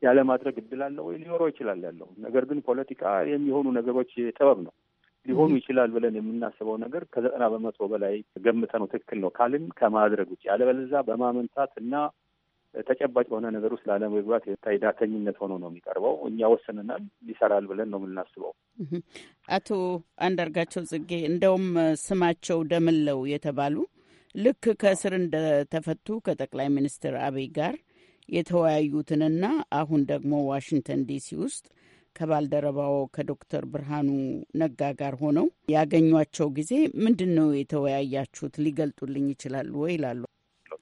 ያለማድረግ እድል አለ ወይ? ሊኖረው ይችላል ያለው ነገር ግን ፖለቲካ የሚሆኑ ነገሮች ጥበብ ነው። ሊሆኑ ይችላል ብለን የምናስበው ነገር ከዘጠና በመቶ በላይ ገምተ ነው ትክክል ነው ካልን ከማድረግ ውጭ ያለበለዛ በማመንታት እና ተጨባጭ በሆነ ነገር ውስጥ ላለመግባት የታይ ዳተኝነት ሆኖ ነው የሚቀርበው። እኛ ወስንናል ይሰራል ብለን ነው የምናስበው። አቶ አንዳርጋቸው ጽጌ እንደውም ስማቸው ደምለው የተባሉ ልክ ከእስር እንደተፈቱ ከጠቅላይ ሚኒስትር አብይ ጋር የተወያዩትንና አሁን ደግሞ ዋሽንግተን ዲሲ ውስጥ ከባልደረባው ከዶክተር ብርሃኑ ነጋ ጋር ሆነው ያገኟቸው ጊዜ ምንድን ነው የተወያያችሁት ሊገልጡልኝ ይችላሉ ወይ? ይላሉ።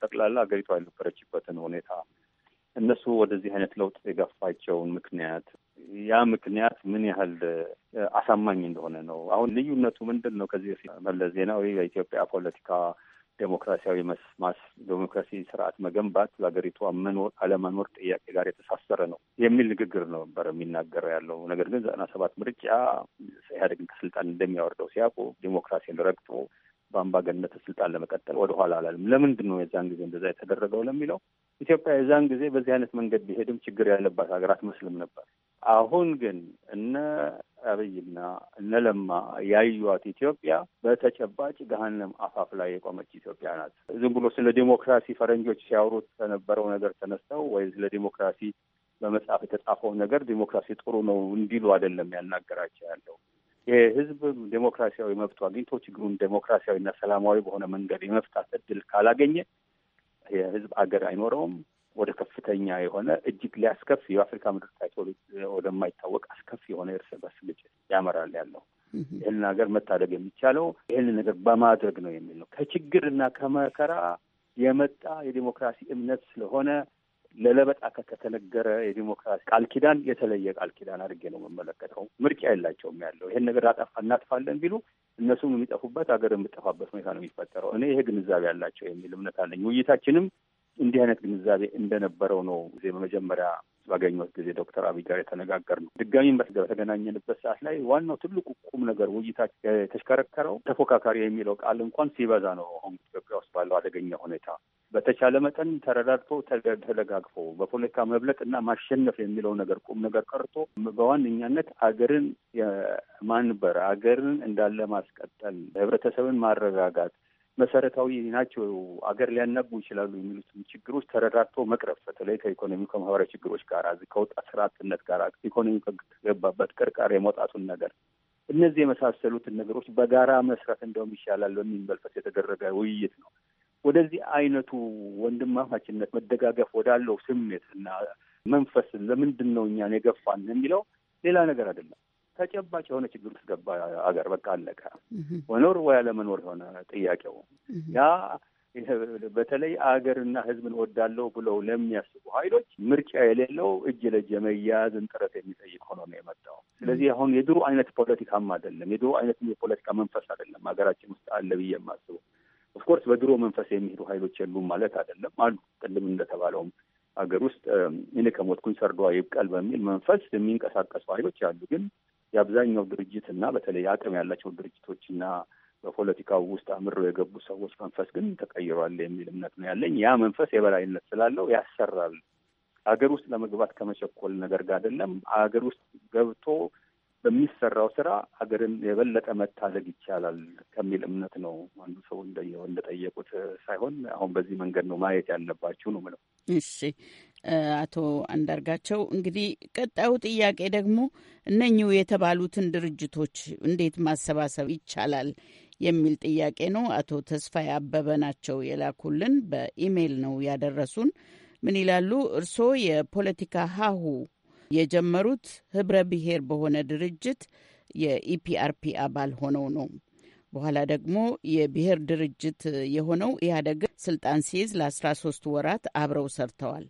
ጠቅላላ ሀገሪቷ የነበረችበትን ሁኔታ እነሱ ወደዚህ አይነት ለውጥ የገፋቸውን ምክንያት ያ ምክንያት ምን ያህል አሳማኝ እንደሆነ ነው። አሁን ልዩነቱ ምንድን ነው? ከዚህ በፊት መለስ ዜናዊ በኢትዮጵያ ፖለቲካ ዴሞክራሲያዊ መስማስ ዴሞክራሲ ስርዓት መገንባት ለሀገሪቱ መኖር አለመኖር ጥያቄ ጋር የተሳሰረ ነው የሚል ንግግር ነበር የሚናገረው ያለው። ነገር ግን ዘጠና ሰባት ምርጫ ኢህአዴግን ከስልጣን እንደሚያወርደው ሲያውቁ ዴሞክራሲን ረግጦ በአምባገነት ስልጣን ለመቀጠል ወደኋላ አላለም። ለምንድን ነው የዛን ጊዜ እንደዛ የተደረገው ለሚለው ኢትዮጵያ የዛን ጊዜ በዚህ አይነት መንገድ ቢሄድም ችግር ያለባት ሀገር አትመስልም ነበር። አሁን ግን እነ አብይና እነ ለማ ያዩዋት ኢትዮጵያ በተጨባጭ ገሀነም አፋፍ ላይ የቆመች ኢትዮጵያ ናት። ዝም ብሎ ስለ ዲሞክራሲ ፈረንጆች ሲያወሩት ከነበረው ነገር ተነስተው ወይም ስለ ዲሞክራሲ በመጽሐፍ የተጻፈው ነገር ዲሞክራሲ ጥሩ ነው እንዲሉ አይደለም ያናገራቸው ያለው የህዝብ ህዝብ ዴሞክራሲያዊ መብቱ አግኝቶ ችግሩን ዴሞክራሲያዊና ሰላማዊ በሆነ መንገድ የመፍታት እድል ካላገኘ የህዝብ አገር አይኖረውም። ወደ ከፍተኛ የሆነ እጅግ ሊያስከፍ የአፍሪካ ምድር ታይቶ ወደማይታወቅ አስከፊ የሆነ የእርስ በርስ ግጭት ያመራል ያለው ይህንን ሀገር መታደግ የሚቻለው ይህንን ነገር በማድረግ ነው የሚል ነው። ከችግርና ከመከራ የመጣ የዲሞክራሲ እምነት ስለሆነ ለለበጣ ከተነገረ የዲሞክራሲ ቃል ኪዳን የተለየ ቃል ኪዳን አድርጌ ነው የምመለከተው። ምርጫ የላቸውም ያለው ይህን ነገር እናጥፋለን ቢሉ እነሱም የሚጠፉበት ሀገር የምጠፋበት ሁኔታ ነው የሚፈጠረው። እኔ ይሄ ግንዛቤ ያላቸው የሚል እምነት አለኝ። ውይይታችንም እንዲህ አይነት ግንዛቤ እንደነበረው ነው ጊዜ በመጀመሪያ ባገኘሁት ጊዜ ዶክተር አብይ ጋር የተነጋገር ነው። ድጋሚም በተገናኘንበት ሰዓት ላይ ዋናው ትልቁ ቁም ነገር ውይይታ የተሽከረከረው ተፎካካሪ የሚለው ቃል እንኳን ሲበዛ ነው። አሁን ኢትዮጵያ ውስጥ ባለው አደገኛ ሁኔታ በተቻለ መጠን ተረዳድቶ ተደጋግፎ በፖለቲካ መብለጥ እና ማሸነፍ የሚለው ነገር ቁም ነገር ቀርቶ በዋነኛነት አገርን ማንበር፣ አገርን እንዳለ ማስቀጠል፣ ህብረተሰብን ማረጋጋት፣ መሰረታዊ ናቸው፣ አገር ሊያናጉ ይችላሉ የሚሉትን ችግሮች ተረዳድቶ መቅረፍ በተለይ ከኢኮኖሚ ከማህበራዊ ችግሮች ጋር እዚህ ከወጣት ስራ አጥነት ጋር ኢኮኖሚ ከገባበት ቅርቃር የመውጣቱን ነገር እነዚህ የመሳሰሉትን ነገሮች በጋራ መስራት እንደውም ይሻላል በሚል የተደረገ ውይይት ነው። ወደዚህ አይነቱ ወንድማማችነት መደጋገፍ ወዳለው ስሜት እና መንፈስ ለምንድን ነው እኛን የገፋን የሚለው ሌላ ነገር አይደለም። ተጨባጭ የሆነ ችግር ውስጥ ገባ አገር። በቃ አለቀ። መኖር ወይ አለመኖር የሆነ ጥያቄው ያ በተለይ አገርና ሕዝብን ወዳለው ብለው ለሚያስቡ ኃይሎች ምርጫ የሌለው እጅ ለእጅ የመያያዝን ጥረት የሚጠይቅ ሆኖ ነው የመጣው። ስለዚህ አሁን የድሮ አይነት ፖለቲካም አይደለም፣ የድሮ አይነት የፖለቲካ መንፈስ አይደለም ሀገራችን ውስጥ አለ ብዬ የማስበው። ኦፍኮርስ በድሮ መንፈስ የሚሄዱ ኃይሎች የሉም ማለት አይደለም፣ አሉ። ቅድም እንደተባለውም ሀገር ውስጥ እኔ ከሞትኩኝ ሰርዷ ይብቃል በሚል መንፈስ የሚንቀሳቀሱ ኃይሎች አሉ ግን የአብዛኛው ድርጅት እና በተለይ አቅም ያላቸው ድርጅቶች እና በፖለቲካው ውስጥ አምረው የገቡ ሰዎች መንፈስ ግን ተቀይሯል የሚል እምነት ነው ያለኝ። ያ መንፈስ የበላይነት ስላለው ያሰራል። ሀገር ውስጥ ለመግባት ከመቸኮል ነገር ጋር አይደለም። ሀገር ውስጥ ገብቶ በሚሰራው ስራ ሀገርን የበለጠ መታደግ ይቻላል ከሚል እምነት ነው። አንዱ ሰው እንደጠየቁት ሳይሆን አሁን በዚህ መንገድ ነው ማየት ያለባችሁ ነው ምለው። እሺ አቶ አንዳርጋቸው እንግዲህ ቀጣዩ ጥያቄ ደግሞ እነኚሁ የተባሉትን ድርጅቶች እንዴት ማሰባሰብ ይቻላል የሚል ጥያቄ ነው። አቶ ተስፋዬ አበበ ናቸው የላኩልን፣ በኢሜይል ነው ያደረሱን። ምን ይላሉ? እርስዎ የፖለቲካ ሀሁ የጀመሩት ህብረ ብሔር በሆነ ድርጅት የኢፒአርፒ አባል ሆነው ነው። በኋላ ደግሞ የብሔር ድርጅት የሆነው ኢህአዴግ ስልጣን ሲይዝ ለ13 ወራት አብረው ሰርተዋል።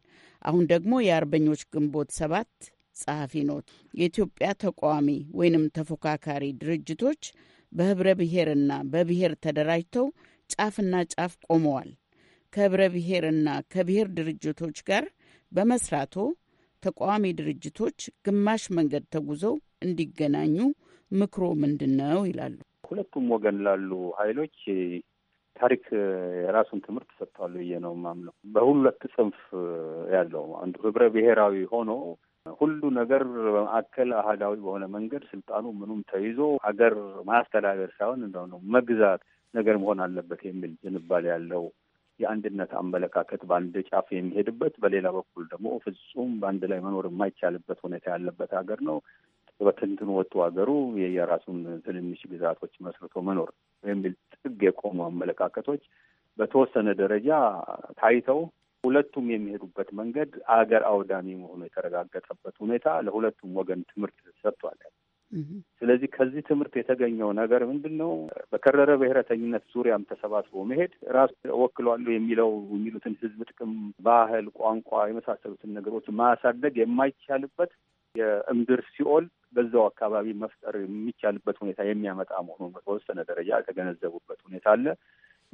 አሁን ደግሞ የአርበኞች ግንቦት ሰባት ጸሐፊ ኖት። የኢትዮጵያ ተቃዋሚ ወይንም ተፎካካሪ ድርጅቶች በህብረ ብሔርና በብሔር ተደራጅተው ጫፍና ጫፍ ቆመዋል። ከህብረ ብሔርና ከብሔር ድርጅቶች ጋር በመስራቶ ተቃዋሚ ድርጅቶች ግማሽ መንገድ ተጉዘው እንዲገናኙ ምክሮ ምንድን ነው ይላሉ። ሁለቱም ወገን ላሉ ኃይሎች ታሪክ የራሱን ትምህርት ሰጥቷል ብዬ ነው ማምነው። በሁለት ጽንፍ ያለው አንዱ ህብረ ብሔራዊ ሆኖ ሁሉ ነገር በማዕከል አህዳዊ በሆነ መንገድ ስልጣኑ ምኑም ተይዞ ሀገር ማስተዳደር ሳይሆን እንደው ነው መግዛት ነገር መሆን አለበት የሚል ዝንባሌ ያለው የአንድነት አመለካከት በአንድ ጫፍ የሚሄድበት በሌላ በኩል ደግሞ ፍጹም በአንድ ላይ መኖር የማይቻልበት ሁኔታ ያለበት ሀገር ነው። በትንትን ወጡ ሀገሩ የየራሱን ትንንሽ ግዛቶች መስርቶ መኖር የሚል ጥግ የቆሙ አመለካከቶች በተወሰነ ደረጃ ታይተው ሁለቱም የሚሄዱበት መንገድ አገር አውዳሚ መሆኑ የተረጋገጠበት ሁኔታ ለሁለቱም ወገን ትምህርት ሰጥቷል። ስለዚህ ከዚህ ትምህርት የተገኘው ነገር ምንድን ነው? በከረረ ብሔረተኝነት ዙሪያም ተሰባስቦ መሄድ ራሱ ወክሏሉ የሚለው የሚሉትን ህዝብ ጥቅም፣ ባህል፣ ቋንቋ የመሳሰሉትን ነገሮች ማሳደግ የማይቻልበት የእምድር ሲኦል በዛው አካባቢ መፍጠር የሚቻልበት ሁኔታ የሚያመጣ መሆኑን በተወሰነ ደረጃ የተገነዘቡበት ሁኔታ አለ።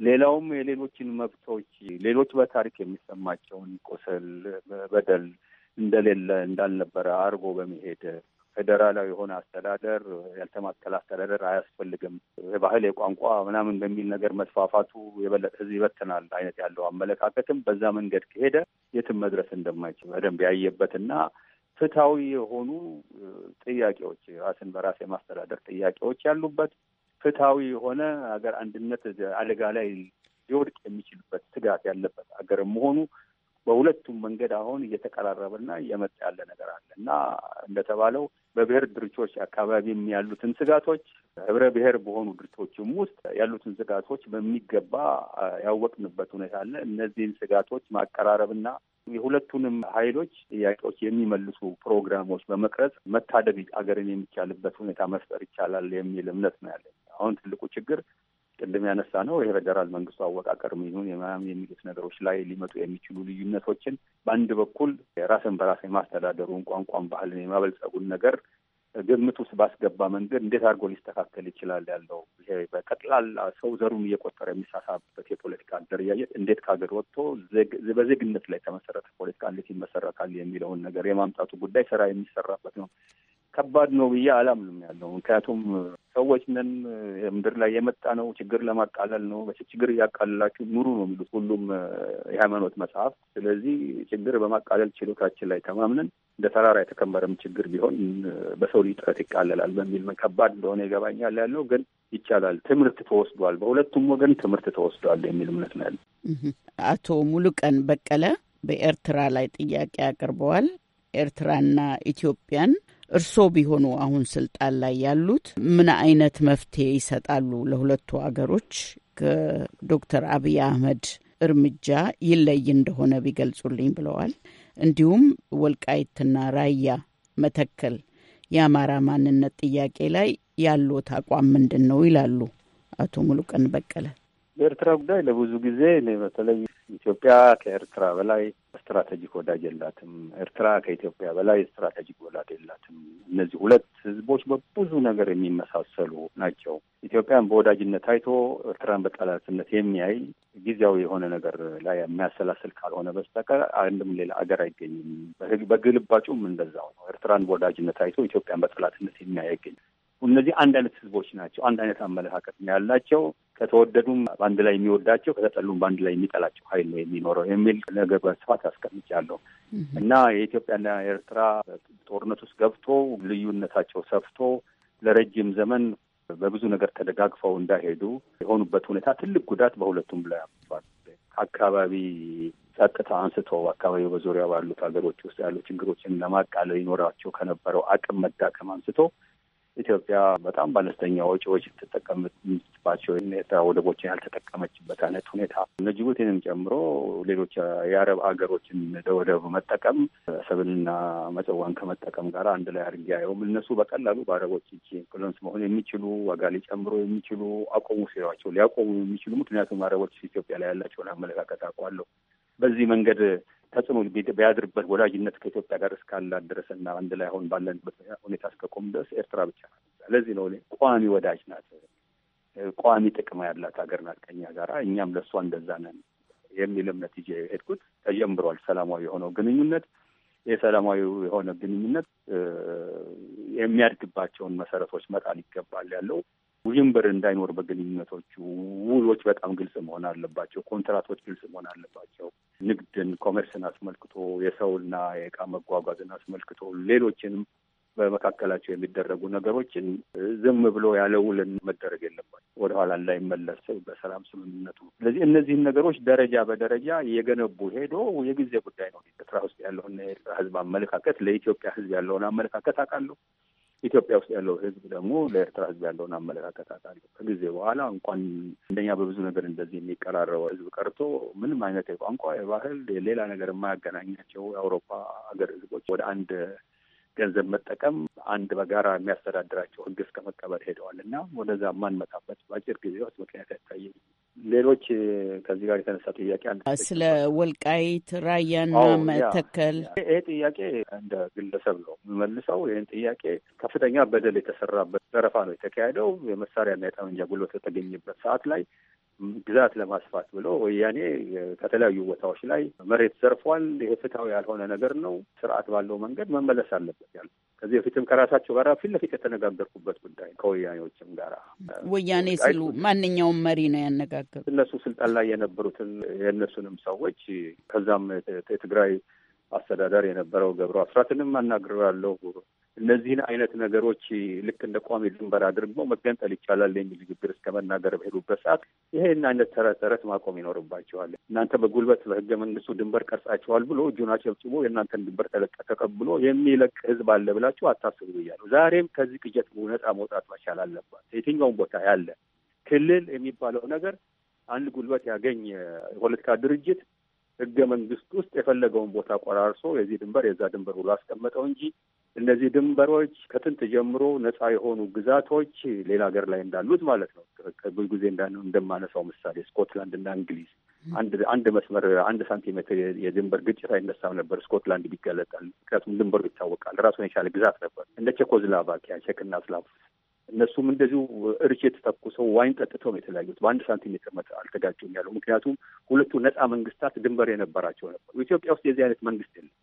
ሌላውም የሌሎችን መብቶች ሌሎች በታሪክ የሚሰማቸውን ቁስል፣ በደል እንደሌለ እንዳልነበረ አድርጎ በመሄድ ፌዴራላዊ የሆነ አስተዳደር ያልተማከለ አስተዳደር አያስፈልግም፣ የባህል የቋንቋ ምናምን በሚል ነገር መስፋፋቱ የበለጠ ህዝብ ይበትናል አይነት ያለው አመለካከትም በዛ መንገድ ከሄደ የትም መድረስ እንደማይችል በደንብ ያየበትና ፍትሐዊ የሆኑ ጥያቄዎች ራስን በራስ የማስተዳደር ጥያቄዎች ያሉበት ፍትሐዊ የሆነ ሀገር አንድነት አደጋ ላይ ሊወድቅ የሚችልበት ስጋት ያለበት ሀገር መሆኑ በሁለቱም መንገድ አሁን እየተቀራረበና እየመጣ ያለ ነገር አለ እና እንደተባለው በብሔር ድርጅቶች አካባቢም ያሉትን ስጋቶች ህብረ ብሔር በሆኑ ድርጅቶችም ውስጥ ያሉትን ስጋቶች በሚገባ ያወቅንበት ሁኔታ አለ። እነዚህን ስጋቶች ማቀራረብና የሁለቱንም ኃይሎች ጥያቄዎች የሚመልሱ ፕሮግራሞች በመቅረጽ መታደግ አገርን የሚቻልበት ሁኔታ መፍጠር ይቻላል የሚል እምነት ነው ያለ አሁን ትልቁ ችግር ቅድም ያነሳ ነው የፌዴራል መንግስቱ አወቃቀር ይሁን የሚሉት ነገሮች ላይ ሊመጡ የሚችሉ ልዩነቶችን በአንድ በኩል ራስን በራስ የማስተዳደሩን ቋንቋን፣ ባህልን የማበልጸጉን ነገር ግምት ውስጥ ባስገባ መንገድ እንዴት አድርጎ ሊስተካከል ይችላል ያለው ይሄ ሰው ዘሩን እየቆጠረ የሚሳሳበት የፖለቲካ አደረጃጀት እንዴት ከሀገር ወጥቶ በዜግነት ላይ ተመሰረተ ፖለቲካ እንዴት ይመሰረታል የሚለውን ነገር የማምጣቱ ጉዳይ ስራ የሚሰራበት ነው። ከባድ ነው ብዬ አላምንም ያለው። ምክንያቱም ሰዎች ነን፣ ምድር ላይ የመጣ ነው ችግር ለማቃለል ነው። ችግር እያቃለላችሁ ኑሩ ነው የሚሉት ሁሉም የሃይማኖት መጽሐፍ። ስለዚህ ችግር በማቃለል ችሎታችን ላይ ተማምነን እንደ ተራራ የተከመረም ችግር ቢሆን በሰው ልጅ ጥረት ይቃለላል በሚል ከባድ እንደሆነ ይገባኛል ያለው ግን ይቻላል። ትምህርት ተወስዷል፣ በሁለቱም ወገን ትምህርት ተወስዷል የሚል እምነት ነው ያለው። አቶ ሙሉቀን በቀለ በኤርትራ ላይ ጥያቄ አቅርበዋል። ኤርትራና ኢትዮጵያን እርስዎ ቢሆኑ አሁን ስልጣን ላይ ያሉት ምን አይነት መፍትሄ ይሰጣሉ ለሁለቱ አገሮች ከዶክተር አብይ አህመድ እርምጃ ይለይ እንደሆነ ቢገልጹልኝ ብለዋል። እንዲሁም ወልቃይትና ራያ መተከል የአማራ ማንነት ጥያቄ ላይ ያሉት አቋም ምንድን ነው ይላሉ አቶ ሙሉቀን በቀለ። በኤርትራ ጉዳይ ለብዙ ጊዜ በተለይ ኢትዮጵያ ከኤርትራ በላይ ስትራቴጂክ ወዳጅ የላትም። ኤርትራ ከኢትዮጵያ በላይ ስትራቴጂክ ወዳጅ የላትም። እነዚህ ሁለት ህዝቦች በብዙ ነገር የሚመሳሰሉ ናቸው። ኢትዮጵያን በወዳጅነት አይቶ ኤርትራን በጠላትነት የሚያይ ጊዜያዊ የሆነ ነገር ላይ የሚያሰላስል ካልሆነ በስተቀር አንድም ሌላ አገር አይገኝም። በግልባጩም እንደዛው ነው። ኤርትራን በወዳጅነት አይቶ ኢትዮጵያን በጠላትነት የሚያይ አይገኝም። እነዚህ አንድ አይነት ህዝቦች ናቸው። አንድ አይነት አመለካከት ያላቸው። ከተወደዱም በአንድ ላይ የሚወዳቸው ከተጠሉም በአንድ ላይ የሚጠላቸው ኃይል ነው የሚኖረው የሚል ነገር በስፋት አስቀምጫለሁ እና የኢትዮጵያና ኤርትራ ጦርነት ውስጥ ገብቶ ልዩነታቸው ሰፍቶ ለረጅም ዘመን በብዙ ነገር ተደጋግፈው እንዳይሄዱ የሆኑበት ሁኔታ ትልቅ ጉዳት በሁለቱም ላይ አምጥቷል። አካባቢ ጸጥታ አንስቶ አካባቢ በዙሪያ ባሉት ሀገሮች ውስጥ ያሉ ችግሮችን ለማቃለል ይኖራቸው ከነበረው አቅም መዳከም አንስቶ ኢትዮጵያ በጣም በአነስተኛ ወጪዎች የምትጠቀምባቸው ሁኔታ ወደቦችን ያልተጠቀመችበት አይነት ሁኔታ እነ ጅቡቲንም ጨምሮ ሌሎች የአረብ ሀገሮችን ለወደብ መጠቀም ሰብልና መጽዋን ከመጠቀም ጋር አንድ ላይ አድርጌ ያየውም እነሱ በቀላሉ በአረቦች እጅ ኢንፍሉዌንስ መሆን የሚችሉ ዋጋ ሊጨምሮ የሚችሉ አቆሙ ሲሏቸው ሊያቆሙ የሚችሉ ምክንያቱም አረቦች ኢትዮጵያ ላይ ያላቸውን አመለካከት አውቃለሁ። በዚህ መንገድ ተጽዕኖ ቢያድርበት ወዳጅነት ከኢትዮጵያ ጋር እስካላት ድረስ እና አንድ ላይ አሁን ባለንበት ሁኔታ እስከቆም ድረስ ኤርትራ ብቻ ናት። ለዚህ ነው ቋሚ ወዳጅ ናት፣ ቋሚ ጥቅም ያላት ሀገር ናት ከኛ ጋራ። እኛም ለእሷ እንደዛ ነን የሚል እምነት ይዤ ሄድኩት። ተጀምሯል ሰላማዊ የሆነው ግንኙነት። የሰላማዊ የሆነ ግንኙነት የሚያድግባቸውን መሰረቶች መጣል ይገባል ያለው ውዥንብር እንዳይኖር በግንኙነቶቹ ውሎች በጣም ግልጽ መሆን አለባቸው። ኮንትራቶች ግልጽ መሆን አለባቸው። ንግድን፣ ኮመርስን አስመልክቶ የሰውና የእቃ መጓጓዝን አስመልክቶ ሌሎችንም በመካከላቸው የሚደረጉ ነገሮችን ዝም ብሎ ያለ ውልን መደረግ የለባቸው፣ ወደኋላ እንዳይመለስ በሰላም ስምምነቱ። ስለዚህ እነዚህን ነገሮች ደረጃ በደረጃ የገነቡ ሄዶ የጊዜ ጉዳይ ነው። ኤርትራ ውስጥ ያለውን የኤርትራ ሕዝብ አመለካከት ለኢትዮጵያ ሕዝብ ያለውን አመለካከት አውቃለሁ። ኢትዮጵያ ውስጥ ያለው ህዝብ ደግሞ ለኤርትራ ህዝብ ያለውን አመለካከት አውቃለሁ። ከጊዜ በኋላ እንኳን እንደኛ በብዙ ነገር እንደዚህ የሚቀራረበው ህዝብ ቀርቶ ምንም አይነት የቋንቋ፣ የባህል፣ ሌላ ነገር የማያገናኛቸው የአውሮፓ ሀገር ህዝቦች ወደ አንድ ገንዘብ መጠቀም አንድ በጋራ የሚያስተዳድራቸው ህግ እስከ መቀበል ሄደዋል እና ወደዛ ማንመጣበት በአጭር ጊዜ ውስጥ ምክንያት አይታይም። ሌሎች ከዚህ ጋር የተነሳ ጥያቄ አንድ ስለ ወልቃይት ራያና መተከል ይሄ ጥያቄ እንደ ግለሰብ ነው የምመልሰው። ይህን ጥያቄ ከፍተኛ በደል የተሰራበት ዘረፋ ነው የተካሄደው። የመሳሪያና የጠመንጃ ጉልበት የተገኘበት ሰዓት ላይ ግዛት ለማስፋት ብሎ ወያኔ ከተለያዩ ቦታዎች ላይ መሬት ዘርፏል። ይሄ ፍትሐዊ ያልሆነ ነገር ነው። ስርዓት ባለው መንገድ መመለስ አለበት ያለ ከዚህ በፊትም ከራሳቸው ጋር ፊት ለፊት የተነጋገርኩበት ጉዳይ ከወያኔዎችም ጋር ወያኔ ሲሉ ማንኛውም መሪ ነው ያነጋገሩ እነሱ ስልጣን ላይ የነበሩትን የእነሱንም ሰዎች ከዛም የትግራይ አስተዳደር የነበረው ገብሩ አስራትንም አናግሬያለሁ። እነዚህን አይነት ነገሮች ልክ እንደ ቋሚ ድንበር አድርገው መገንጠል ይቻላል የሚል ንግግር እስከ መናገር በሄዱበት ሰዓት ይሄን አይነት ተረት ተረት ማቆም ይኖርባቸዋል። እናንተ በጉልበት በህገ መንግስቱ ድንበር ቀርጻቸዋል ብሎ እጁን አጨብጭቦ የእናንተን ድንበር ተለቀ ተቀብሎ የሚለቅ ህዝብ አለ ብላችሁ አታስቡ ብያለሁ። ዛሬም ከዚህ ቅጀት ነጻ መውጣት መቻል አለባት። የትኛውም ቦታ ያለ ክልል የሚባለው ነገር አንድ ጉልበት ያገኝ የፖለቲካ ድርጅት ህገ መንግስት ውስጥ የፈለገውን ቦታ ቆራርሶ የዚህ ድንበር የዛ ድንበር ብሎ አስቀመጠው እንጂ እነዚህ ድንበሮች ከጥንት ጀምሮ ነጻ የሆኑ ግዛቶች ሌላ ሀገር ላይ እንዳሉት ማለት ነው። ብዙ ጊዜ እንደማነሳው ምሳሌ ስኮትላንድ እና እንግሊዝ አንድ አንድ መስመር አንድ ሳንቲሜትር የድንበር ግጭት አይነሳም ነበር። ስኮትላንድ ቢገለጣል፣ ምክንያቱም ድንበሩ ይታወቃል። ራሱን የቻለ ግዛት ነበር። እንደ ቼኮዝላቫኪያ ቼክና ስላቭ እነሱም እንደዚሁ እርጭት ተኩሰው ዋይን ጠጥተው ነው የተለያዩት። በአንድ ሳንቲሜትር መ አልተጋጩም ያለው ምክንያቱም ሁለቱ ነፃ መንግስታት ድንበር የነበራቸው ነበር። ኢትዮጵያ ውስጥ የዚህ አይነት መንግስት የለም።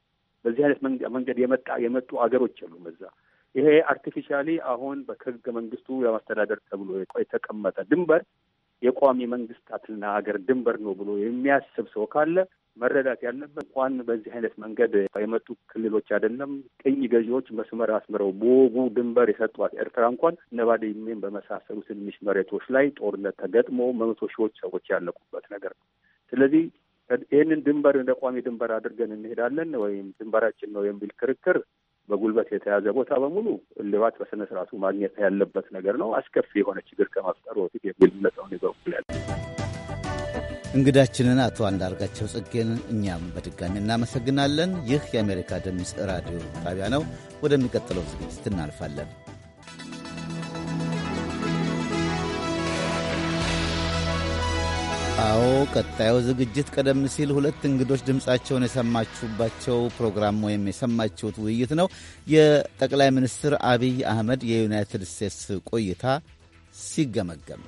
በዚህ አይነት መንገድ የመጣ የመጡ አገሮች የሉም እዛ። ይሄ አርቲፊሻሊ አሁን ከህገ መንግስቱ ለማስተዳደር ተብሎ የተቀመጠ ድንበር የቋሚ መንግስታትና ሀገር ድንበር ነው ብሎ የሚያስብ ሰው ካለ መረዳት ያለበት እንኳን በዚህ አይነት መንገድ የመጡ ክልሎች አይደለም ቅኝ ገዢዎች መስመር አስምረው በወጉ ድንበር የሰጧት ኤርትራ እንኳን እነ በመሳሰሉ ትንሽ መሬቶች ላይ ጦርነት ተገጥሞ መቶ ሺዎች ሰዎች ያለቁበት ነገር ነው። ስለዚህ ይህንን ድንበር እንደ ቋሚ ድንበር አድርገን እንሄዳለን ወይም ድንበራችን ነው የሚል ክርክር በጉልበት የተያዘ ቦታ በሙሉ እልባት በስነ ስርዓቱ ማግኘት ያለበት ነገር ነው። አስከፊ የሆነ ችግር ከመፍጠር በፊት የሚል እምነታውን ይበኩላል። እንግዳችንን አቶ አንዳርጋቸው ጽጌን እኛም በድጋሚ እናመሰግናለን። ይህ የአሜሪካ ድምፅ ራዲዮ ጣቢያ ነው። ወደሚቀጥለው ዝግጅት እናልፋለን። አዎ ቀጣዩ ዝግጅት ቀደም ሲል ሁለት እንግዶች ድምፃቸውን የሰማችሁባቸው ፕሮግራም ወይም የሰማችሁት ውይይት ነው። የጠቅላይ ሚኒስትር አብይ አህመድ የዩናይትድ ስቴትስ ቆይታ ሲገመገም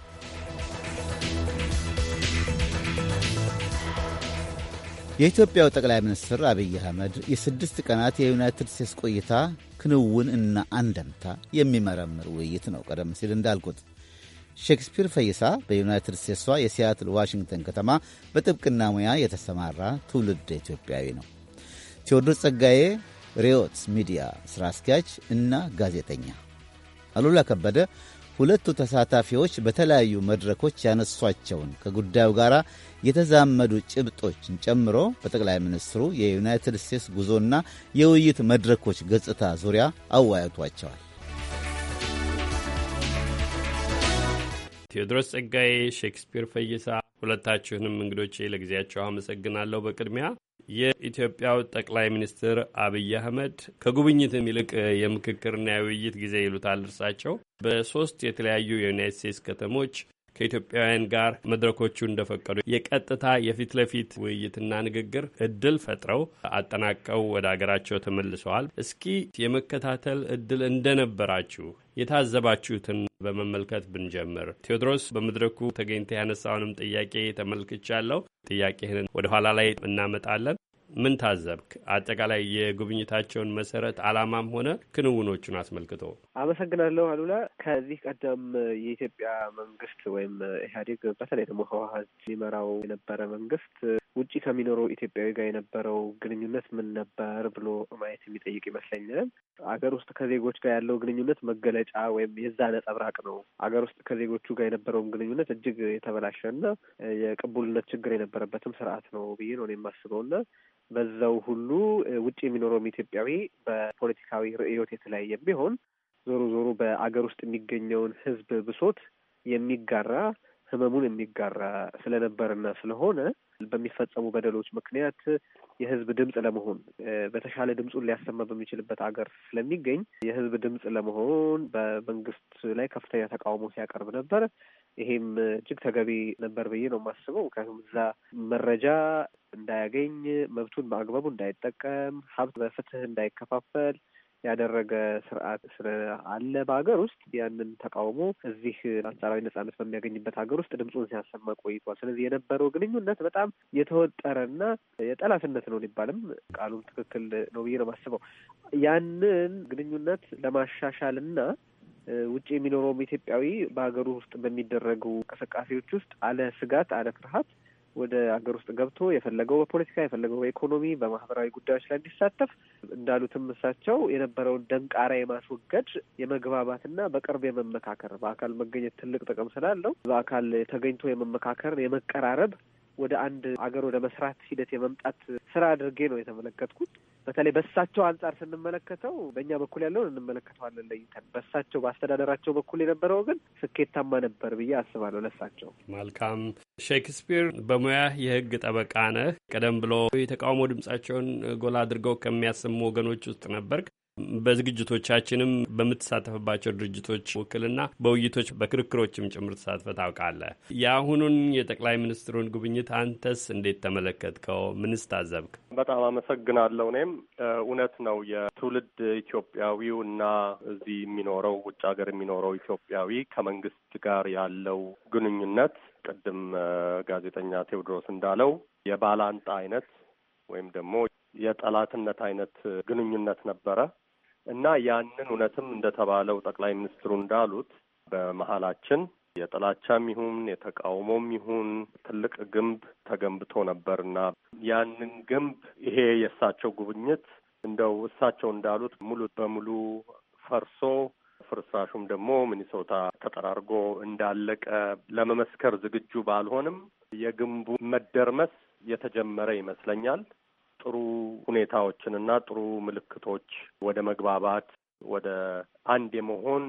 የኢትዮጵያው ጠቅላይ ሚኒስትር አብይ አህመድ የስድስት ቀናት የዩናይትድ ስቴትስ ቆይታ ክንውን እና አንደምታ የሚመረምር ውይይት ነው። ቀደም ሲል እንዳልኩት ሼክስፒር ፈይሳ በዩናይትድ ስቴትሷ የሲያትል ዋሽንግተን ከተማ በጥብቅና ሙያ የተሰማራ ትውልድ ኢትዮጵያዊ ነው። ቴዎድሮስ ጸጋዬ ሬዮት ሚዲያ ሥራ አስኪያጅ እና ጋዜጠኛ። አሉላ ከበደ ሁለቱ ተሳታፊዎች በተለያዩ መድረኮች ያነሷቸውን ከጉዳዩ ጋር የተዛመዱ ጭብጦችን ጨምሮ በጠቅላይ ሚኒስትሩ የዩናይትድ ስቴትስ ጉዞና የውይይት መድረኮች ገጽታ ዙሪያ አወያይቷቸዋል። ቴዎድሮስ ጸጋዬ፣ ሼክስፒር ፈይሳ ሁለታችሁንም እንግዶቼ ለጊዜያቸው አመሰግናለሁ። በቅድሚያ የኢትዮጵያው ጠቅላይ ሚኒስትር አብይ አህመድ ከጉብኝትም ይልቅ የምክክርና የውይይት ጊዜ ይሉታል እርሳቸው በሶስት የተለያዩ የዩናይት ስቴትስ ከተሞች ከኢትዮጵያውያን ጋር መድረኮቹ እንደፈቀዱ የቀጥታ የፊት ለፊት ውይይትና ንግግር እድል ፈጥረው አጠናቀው ወደ አገራቸው ተመልሰዋል። እስኪ የመከታተል እድል እንደነበራችሁ የታዘባችሁትን በመመልከት ብንጀምር። ቴዎድሮስ በመድረኩ ተገኝተ ያነሳውንም ጥያቄ ተመልክቻለሁ። ጥያቄህን ወደ ኋላ ላይ እናመጣለን። ምን ታዘብክ? አጠቃላይ የጉብኝታቸውን መሰረት ዓላማም ሆነ ክንውኖቹን አስመልክቶ። አመሰግናለሁ አሉላ። ከዚህ ቀደም የኢትዮጵያ መንግስት ወይም ኢህአዴግ በተለይ ደግሞ ህወሀት ሊመራው የነበረ መንግስት ውጭ ከሚኖረው ኢትዮጵያዊ ጋር የነበረው ግንኙነት ምን ነበር ብሎ ማየት የሚጠይቅ ይመስለኛል። አገር ውስጥ ከዜጎች ጋር ያለው ግንኙነት መገለጫ ወይም የዛ ነጸብራቅ ነው። አገር ውስጥ ከዜጎቹ ጋር የነበረውም ግንኙነት እጅግ የተበላሸና የቅቡልነት ችግር የነበረበትም ስርዓት ነው ብዬ ነው የማስበውና በዛው ሁሉ ውጭ የሚኖረውም ኢትዮጵያዊ በፖለቲካዊ ርዕዮት የተለያየ ቢሆን ዞሮ ዞሮ በአገር ውስጥ የሚገኘውን ህዝብ ብሶት የሚጋራ ህመሙን የሚጋራ ስለነበርና ስለሆነ በሚፈጸሙ በደሎች ምክንያት የህዝብ ድምፅ ለመሆን በተሻለ ድምፁን ሊያሰማ በሚችልበት አገር ስለሚገኝ የህዝብ ድምፅ ለመሆን በመንግስት ላይ ከፍተኛ ተቃውሞ ሲያቀርብ ነበር። ይሄም እጅግ ተገቢ ነበር ብዬ ነው የማስበው። ምክንያቱም እዛ መረጃ እንዳያገኝ፣ መብቱን በአግባቡ እንዳይጠቀም፣ ሀብት በፍትህ እንዳይከፋፈል ያደረገ ስርዓት ስለአለ በሀገር ውስጥ ያንን ተቃውሞ እዚህ አንጻራዊ ነጻነት በሚያገኝበት ሀገር ውስጥ ድምፁን ሲያሰማ ቆይቷል። ስለዚህ የነበረው ግንኙነት በጣም የተወጠረና የጠላትነት ነው ሊባልም ቃሉም ትክክል ነው ብዬ ነው የማስበው። ያንን ግንኙነት ለማሻሻልና ውጭ የሚኖረውም ኢትዮጵያዊ በሀገሩ ውስጥ በሚደረጉ እንቅስቃሴዎች ውስጥ አለ ስጋት አለ ፍርሃት ወደ ሀገር ውስጥ ገብቶ የፈለገው በፖለቲካ የፈለገው በኢኮኖሚ በማህበራዊ ጉዳዮች ላይ እንዲሳተፍ እንዳሉትም እሳቸው የነበረውን ደንቃራ የማስወገድ የመግባባትና በቅርብ የመመካከር በአካል መገኘት ትልቅ ጥቅም ስላለው በአካል ተገኝቶ የመመካከር የመቀራረብ ወደ አንድ አገር ወደ መስራት ሂደት የመምጣት ስራ አድርጌ ነው የተመለከትኩት። በተለይ በሳቸው አንጻር ስንመለከተው በእኛ በኩል ያለውን እንመለከተዋለን ለይተን፣ በሳቸው በአስተዳደራቸው በኩል የነበረው ግን ስኬታማ ነበር ብዬ አስባለሁ። ለሳቸው መልካም ሼክስፒር በሙያ የህግ ጠበቃ ነህ። ቀደም ብሎ የተቃውሞ ድምጻቸውን ጎላ አድርገው ከሚያሰሙ ወገኖች ውስጥ ነበርክ። በዝግጅቶቻችንም በምትሳተፍባቸው ድርጅቶች ውክልና በውይይቶች በክርክሮችም ጭምር ተሳትፈ ታውቃለህ። የአሁኑን የጠቅላይ ሚኒስትሩን ጉብኝት አንተስ እንዴት ተመለከትከው? ምንስ ታዘብክ? በጣም አመሰግናለሁ። እኔም እውነት ነው የትውልድ ኢትዮጵያዊው እና እዚህ የሚኖረው ውጭ ሀገር የሚኖረው ኢትዮጵያዊ ከመንግስት ጋር ያለው ግንኙነት ቅድም ጋዜጠኛ ቴዎድሮስ እንዳለው የባላንጣ አይነት ወይም ደግሞ የጠላትነት አይነት ግንኙነት ነበረ። እና ያንን እውነትም እንደተባለው ጠቅላይ ሚኒስትሩ እንዳሉት በመሀላችን የጥላቻም ይሁን የተቃውሞም ይሁን ትልቅ ግንብ ተገንብቶ ነበርና ያንን ግንብ ይሄ የእሳቸው ጉብኝት እንደው እሳቸው እንዳሉት ሙሉ በሙሉ ፈርሶ ፍርስራሹም ደግሞ ሚኒሶታ ተጠራርጎ እንዳለቀ ለመመስከር ዝግጁ ባልሆንም የግንቡ መደርመስ የተጀመረ ይመስለኛል። ጥሩ ሁኔታዎችንና ጥሩ ምልክቶች ወደ መግባባት ወደ አንድ የመሆን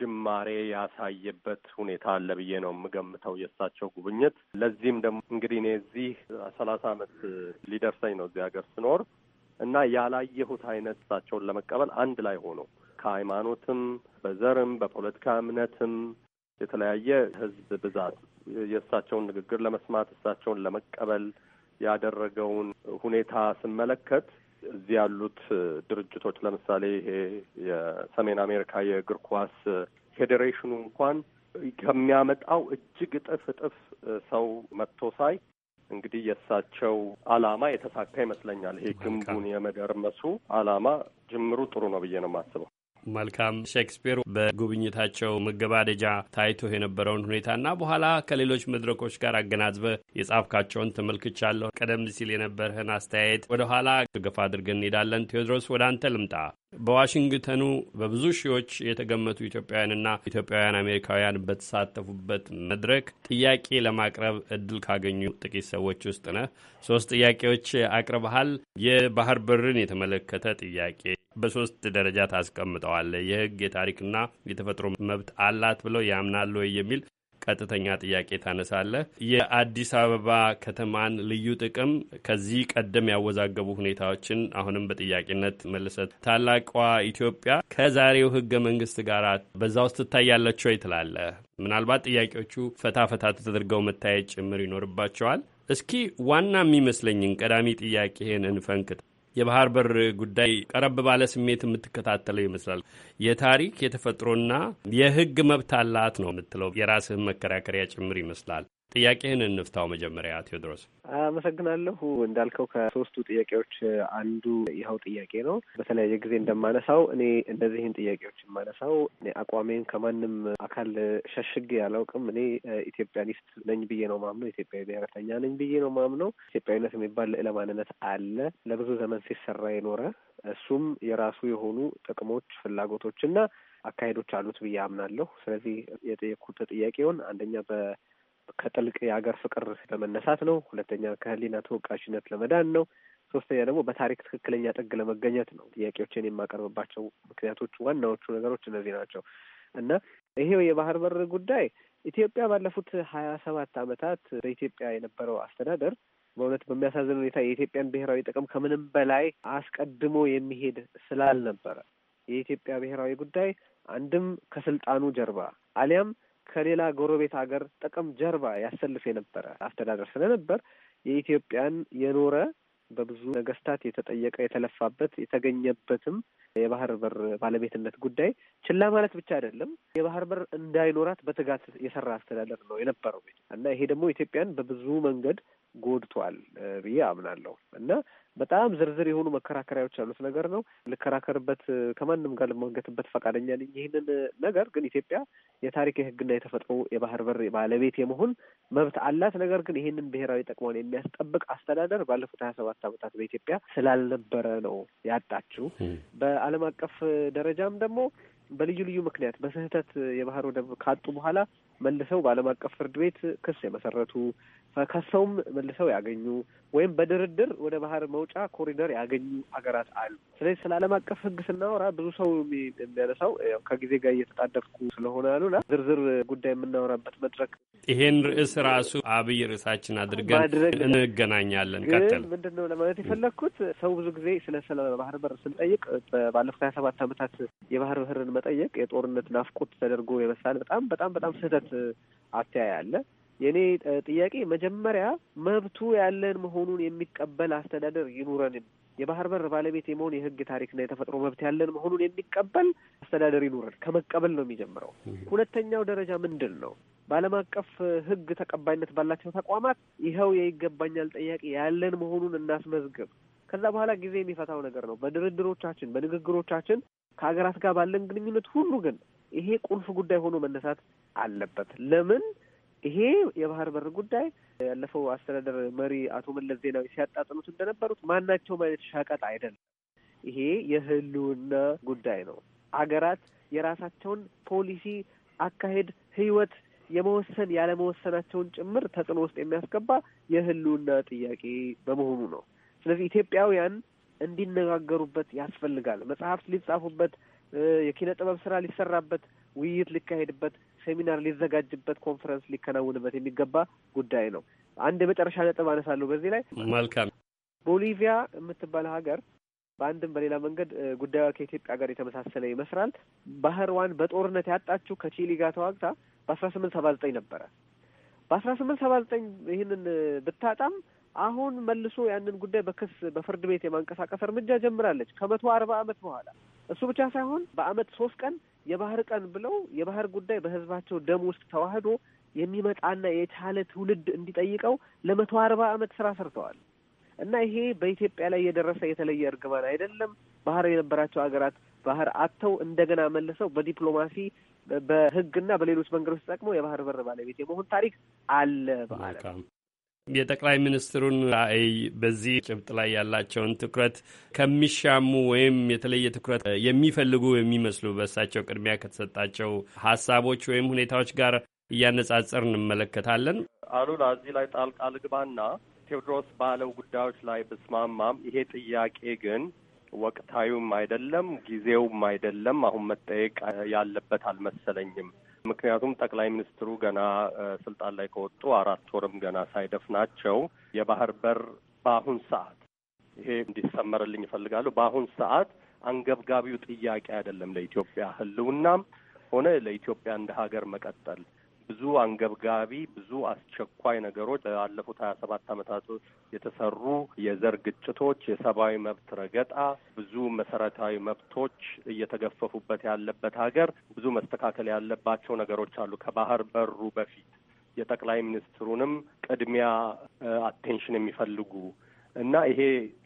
ጅማሬ ያሳየበት ሁኔታ አለ ብዬ ነው የምገምተው የእሳቸው ጉብኝት። ለዚህም ደግሞ እንግዲህ እኔ እዚህ ሰላሳ ዓመት ሊደርሰኝ ነው እዚህ ሀገር ስኖር እና ያላየሁት አይነት እሳቸውን ለመቀበል አንድ ላይ ሆኖ ከሃይማኖትም፣ በዘርም፣ በፖለቲካ እምነትም የተለያየ ህዝብ ብዛት የእሳቸውን ንግግር ለመስማት እሳቸውን ለመቀበል ያደረገውን ሁኔታ ስመለከት እዚህ ያሉት ድርጅቶች ለምሳሌ ይሄ የሰሜን አሜሪካ የእግር ኳስ ፌዴሬሽኑ እንኳን ከሚያመጣው እጅግ እጥፍ እጥፍ ሰው መጥቶ ሳይ እንግዲህ የእሳቸው አላማ የተሳካ ይመስለኛል። ይሄ ግንቡን የመደርመሱ አላማ ጅምሩ ጥሩ ነው ብዬ ነው የማስበው። መልካም ሼክስፒር በጉብኝታቸው መገባደጃ ታይቶ የነበረውን ሁኔታና በኋላ ከሌሎች መድረኮች ጋር አገናዝበ የጻፍካቸውን ተመልክቻለሁ። ቀደም ሲል የነበርህን አስተያየት ወደኋላ ገፋ አድርገን እንሄዳለን። ቴዎድሮስ ወደ አንተ ልምጣ። በዋሽንግተኑ በብዙ ሺዎች የተገመቱ ኢትዮጵያውያንና ኢትዮጵያውያን አሜሪካውያን በተሳተፉበት መድረክ ጥያቄ ለማቅረብ እድል ካገኙ ጥቂት ሰዎች ውስጥ ነህ። ሶስት ጥያቄዎች አቅርበሃል። የባህር በርን የተመለከተ ጥያቄ በሶስት ደረጃ ታስቀምጠዋል። የህግ የታሪክና የተፈጥሮ መብት አላት ብለው ያምናሉ ወይ የሚል ቀጥተኛ ጥያቄ ታነሳለህ። የአዲስ አበባ ከተማን ልዩ ጥቅም ከዚህ ቀደም ያወዛገቡ ሁኔታዎችን አሁንም በጥያቄነት መልሰት ታላቋ ኢትዮጵያ ከዛሬው ህገ መንግስት ጋር በዛ ውስጥ ትታያለች ወይ ትላለህ? ምናልባት ጥያቄዎቹ ፈታ ፈታ ተደርገው መታየት ጭምር ይኖርባቸዋል። እስኪ ዋና የሚመስለኝን ቀዳሚ ጥያቄህን እንፈንክት። የባህር በር ጉዳይ ቀረብ ባለ ስሜት የምትከታተለው ይመስላል። የታሪክ የተፈጥሮና የህግ መብት አላት ነው የምትለው የራስህን መከራከሪያ ጭምር ይመስላል። ጥያቄህን እንፍታው። መጀመሪያ ቴዎድሮስ አመሰግናለሁ። እንዳልከው ከሶስቱ ጥያቄዎች አንዱ ይኸው ጥያቄ ነው። በተለያየ ጊዜ እንደማነሳው እኔ እነዚህን ጥያቄዎች የማነሳው እኔ አቋሜን ከማንም አካል ሸሽጌ አላውቅም። እኔ ኢትዮጵያኒስት ነኝ ብዬ ነው ማምነው። ኢትዮጵያዊ ብሔረተኛ ነኝ ብዬ ነው ማምነው። ኢትዮጵያዊነት የሚባል ልዕለ ማንነት አለ ለብዙ ዘመን ሲሰራ የኖረ እሱም የራሱ የሆኑ ጥቅሞች፣ ፍላጎቶች እና አካሄዶች አሉት ብዬ አምናለሁ። ስለዚህ የጠየኩት ጥያቄውን አንደኛ በ ከጥልቅ የሀገር ፍቅር ለመነሳት ነው። ሁለተኛ ከህሊና ተወቃሽነት ለመዳን ነው። ሶስተኛ ደግሞ በታሪክ ትክክለኛ ጥግ ለመገኘት ነው። ጥያቄዎችን የማቀርብባቸው ምክንያቶቹ ዋናዎቹ ነገሮች እነዚህ ናቸው እና ይሄው የባህር በር ጉዳይ ኢትዮጵያ ባለፉት ሀያ ሰባት አመታት በኢትዮጵያ የነበረው አስተዳደር በእውነት በሚያሳዝን ሁኔታ የኢትዮጵያን ብሔራዊ ጥቅም ከምንም በላይ አስቀድሞ የሚሄድ ስላልነበረ የኢትዮጵያ ብሔራዊ ጉዳይ አንድም ከስልጣኑ ጀርባ አሊያም ከሌላ ጎረቤት ሀገር ጥቅም ጀርባ ያሰልፍ የነበረ አስተዳደር ስለነበር የኢትዮጵያን የኖረ በብዙ ነገስታት የተጠየቀ የተለፋበት የተገኘበትም የባህር በር ባለቤትነት ጉዳይ ችላ ማለት ብቻ አይደለም። የባህር በር እንዳይኖራት በትጋት የሰራ አስተዳደር ነው የነበረው እና ይሄ ደግሞ ኢትዮጵያን በብዙ መንገድ ጎድቷል ብዬ አምናለሁ እና በጣም ዝርዝር የሆኑ መከራከሪያዎች ያሉት ነገር ነው። ልከራከርበት ከማንም ጋር ልማገትበት ፈቃደኛ ነኝ። ይህንን ነገር ግን ኢትዮጵያ የታሪክ የሕግና የተፈጥሮ የባህር በር ባለቤት የመሆን መብት አላት። ነገር ግን ይህንን ብሔራዊ ጥቅሟን የሚያስጠብቅ አስተዳደር ባለፉት ሀያ ሰባት ዓመታት በኢትዮጵያ ስላልነበረ ነው ያጣችው። በዓለም አቀፍ ደረጃም ደግሞ በልዩ ልዩ ምክንያት በስህተት የባህር ወደብ ካጡ በኋላ መልሰው በዓለም አቀፍ ፍርድ ቤት ክስ የመሰረቱ ከሰውም መልሰው ያገኙ ወይም በድርድር ወደ ባህር መውጫ ኮሪደር ያገኙ ሀገራት አሉ። ስለዚህ ስለ ዓለም አቀፍ ሕግ ስናወራ ብዙ ሰው የሚያነሳው ከጊዜ ጋር እየተጣደፍኩ ስለሆነ ያሉና ዝርዝር ጉዳይ የምናወራበት መድረክ ይሄን ርዕስ ራሱ አብይ ርዕሳችን አድርገን እንገናኛለን። ቀጥል። ምንድን ነው ለማለት የፈለግኩት ሰው ብዙ ጊዜ ስለ ስለ ባህር በር ስንጠይቅ ባለፉት ሀያ ሰባት ዓመታት የባህር በርን መጠየቅ የጦርነት ናፍቆት ተደርጎ የመሳል በጣም በጣም በጣም ስህተት አተያይ አለ። የእኔ ጥያቄ መጀመሪያ መብቱ ያለን መሆኑን የሚቀበል አስተዳደር ይኑረንም። የባህር በር ባለቤት የመሆን የህግ ታሪክና የተፈጥሮ መብት ያለን መሆኑን የሚቀበል አስተዳደር ይኑረን። ከመቀበል ነው የሚጀምረው። ሁለተኛው ደረጃ ምንድን ነው? በዓለም አቀፍ ህግ ተቀባይነት ባላቸው ተቋማት ይኸው የይገባኛል ጥያቄ ያለን መሆኑን እናስመዝግብ። ከዛ በኋላ ጊዜ የሚፈታው ነገር ነው። በድርድሮቻችን፣ በንግግሮቻችን ከሀገራት ጋር ባለን ግንኙነት ሁሉ ግን ይሄ ቁልፍ ጉዳይ ሆኖ መነሳት አለበት። ለምን ይሄ የባህር በር ጉዳይ ያለፈው አስተዳደር መሪ አቶ መለስ ዜናዊ ሲያጣጥኑት እንደነበሩት ማናቸውም አይነት ሸቀጥ አይደለም። ይሄ የህልውና ጉዳይ ነው። አገራት የራሳቸውን ፖሊሲ፣ አካሄድ፣ ህይወት የመወሰን ያለመወሰናቸውን ጭምር ተጽዕኖ ውስጥ የሚያስገባ የህልውና ጥያቄ በመሆኑ ነው። ስለዚህ ኢትዮጵያውያን እንዲነጋገሩበት ያስፈልጋል። መጽሐፍት ሊጻፉበት፣ የኪነ ጥበብ ስራ ሊሰራበት፣ ውይይት ሊካሄድበት ሴሚናር ሊዘጋጅበት፣ ኮንፈረንስ ሊከናውንበት የሚገባ ጉዳይ ነው። አንድ የመጨረሻ ነጥብ አነሳለሁ በዚህ ላይ መልካም። ቦሊቪያ የምትባል ሀገር በአንድም በሌላ መንገድ ጉዳዩ ከኢትዮጵያ ጋር የተመሳሰለ ይመስላል። ባህርዋን በጦርነት ያጣችው ከቺሊ ጋር ተዋግታ በአስራ ስምንት ሰባ ዘጠኝ ነበረ። በአስራ ስምንት ሰባ ዘጠኝ ይህንን ብታጣም አሁን መልሶ ያንን ጉዳይ በክስ በፍርድ ቤት የማንቀሳቀስ እርምጃ ጀምራለች ከመቶ አርባ አመት በኋላ እሱ ብቻ ሳይሆን በአመት ሶስት ቀን የባህር ቀን ብለው የባህር ጉዳይ በህዝባቸው ደም ውስጥ ተዋህዶ የሚመጣና የቻለ ትውልድ እንዲጠይቀው ለመቶ አርባ ዓመት ስራ ሰርተዋል እና ይሄ በኢትዮጵያ ላይ የደረሰ የተለየ እርግማን አይደለም። ባህር የነበራቸው ሀገራት ባህር አጥተው እንደገና መልሰው በዲፕሎማሲ በህግና በሌሎች መንገዶች ተጠቅመው የባህር በር ባለቤት የመሆን ታሪክ አለ በዓለም። የጠቅላይ ሚኒስትሩን ራዕይ በዚህ ጭብጥ ላይ ያላቸውን ትኩረት ከሚሻሙ ወይም የተለየ ትኩረት የሚፈልጉ የሚመስሉ በእሳቸው ቅድሚያ ከተሰጣቸው ሀሳቦች ወይም ሁኔታዎች ጋር እያነጻጸር እንመለከታለን። አሉላ እዚህ ላይ ጣልቃ ልግባና ቴዎድሮስ ባለው ጉዳዮች ላይ ብስማማም ይሄ ጥያቄ ግን ወቅታዊም አይደለም፣ ጊዜውም አይደለም፣ አሁን መጠየቅ ያለበት አልመሰለኝም። ምክንያቱም ጠቅላይ ሚኒስትሩ ገና ስልጣን ላይ ከወጡ አራት ወርም ገና ሳይደፍ ናቸው። የባህር በር በአሁን ሰዓት ይሄ እንዲሰመርልኝ ይፈልጋሉ። በአሁን ሰዓት አንገብጋቢው ጥያቄ አይደለም። ለኢትዮጵያ ሕልውናም ሆነ ለኢትዮጵያ እንደ ሀገር መቀጠል ብዙ አንገብጋቢ ብዙ አስቸኳይ ነገሮች ባለፉት ሀያ ሰባት አመታት የተሰሩ የዘር ግጭቶች፣ የሰብአዊ መብት ረገጣ፣ ብዙ መሰረታዊ መብቶች እየተገፈፉበት ያለበት ሀገር ብዙ መስተካከል ያለባቸው ነገሮች አሉ። ከባህር በሩ በፊት የጠቅላይ ሚኒስትሩንም ቅድሚያ አቴንሽን የሚፈልጉ እና ይሄ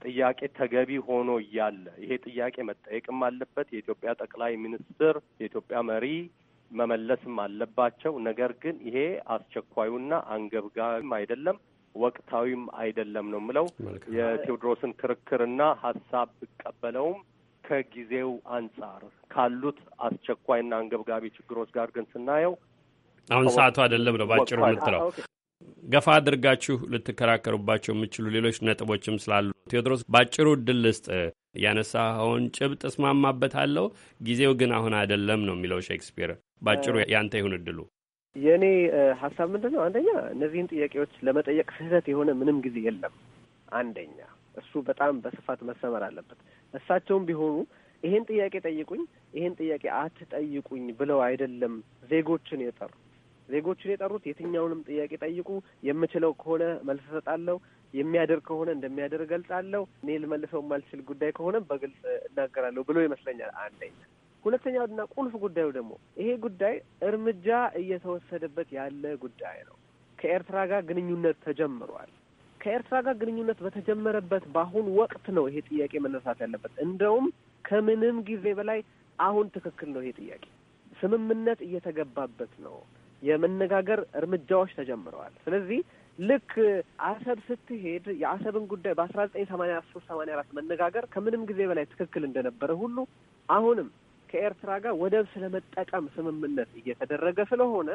ጥያቄ ተገቢ ሆኖ እያለ ይሄ ጥያቄ መጠየቅም አለበት። የኢትዮጵያ ጠቅላይ ሚኒስትር የኢትዮጵያ መሪ መመለስም አለባቸው። ነገር ግን ይሄ አስቸኳዩና አንገብጋቢም አይደለም ወቅታዊም አይደለም ነው የምለው። የቴዎድሮስን ክርክርና ሀሳብ ብቀበለውም ከጊዜው አንጻር ካሉት አስቸኳይና አንገብጋቢ ችግሮች ጋር ግን ስናየው አሁን ሰዓቱ አይደለም ነው ባጭሩ የምትለው። ገፋ አድርጋችሁ ልትከራከሩባቸው የምችሉ ሌሎች ነጥቦችም ስላሉ ቴዎድሮስ ባጭሩ እድል ልስጥ። ያነሳኸውን ጭብጥ እስማማበታለሁ፣ ጊዜው ግን አሁን አይደለም ነው የሚለው ሼክስፒር። ባጭሩ ያንተ ይሁን እድሉ። የእኔ ሀሳብ ምንድን ነው? አንደኛ እነዚህን ጥያቄዎች ለመጠየቅ ስህተት የሆነ ምንም ጊዜ የለም። አንደኛ እሱ በጣም በስፋት መሰመር አለበት። እሳቸውም ቢሆኑ ይሄን ጥያቄ ጠይቁኝ፣ ይሄን ጥያቄ አትጠይቁኝ ብለው አይደለም ዜጎችን የጠሩ ዜጎችን የጠሩት የትኛውንም ጥያቄ ጠይቁ፣ የምችለው ከሆነ መልስ እሰጣለሁ፣ የሚያደርግ ከሆነ እንደሚያደርግ እገልጻለሁ፣ እኔ ልመልሰው የማልችል ጉዳይ ከሆነ በግልጽ እናገራለሁ ብሎ ይመስለኛል። አንደኛ ሁለተኛውና ቁልፍ ጉዳዩ ደግሞ ይሄ ጉዳይ እርምጃ እየተወሰደበት ያለ ጉዳይ ነው። ከኤርትራ ጋር ግንኙነት ተጀምሯል። ከኤርትራ ጋር ግንኙነት በተጀመረበት በአሁን ወቅት ነው ይሄ ጥያቄ መነሳት ያለበት። እንደውም ከምንም ጊዜ በላይ አሁን ትክክል ነው ይሄ ጥያቄ። ስምምነት እየተገባበት ነው። የመነጋገር እርምጃዎች ተጀምረዋል። ስለዚህ ልክ አሰብ ስትሄድ የአሰብን ጉዳይ በአስራ ዘጠኝ ሰማንያ ሶስት ሰማንያ አራት መነጋገር ከምንም ጊዜ በላይ ትክክል እንደነበረ ሁሉ አሁንም ከኤርትራ ጋር ወደብ ስለመጠቀም ስምምነት እየተደረገ ስለሆነ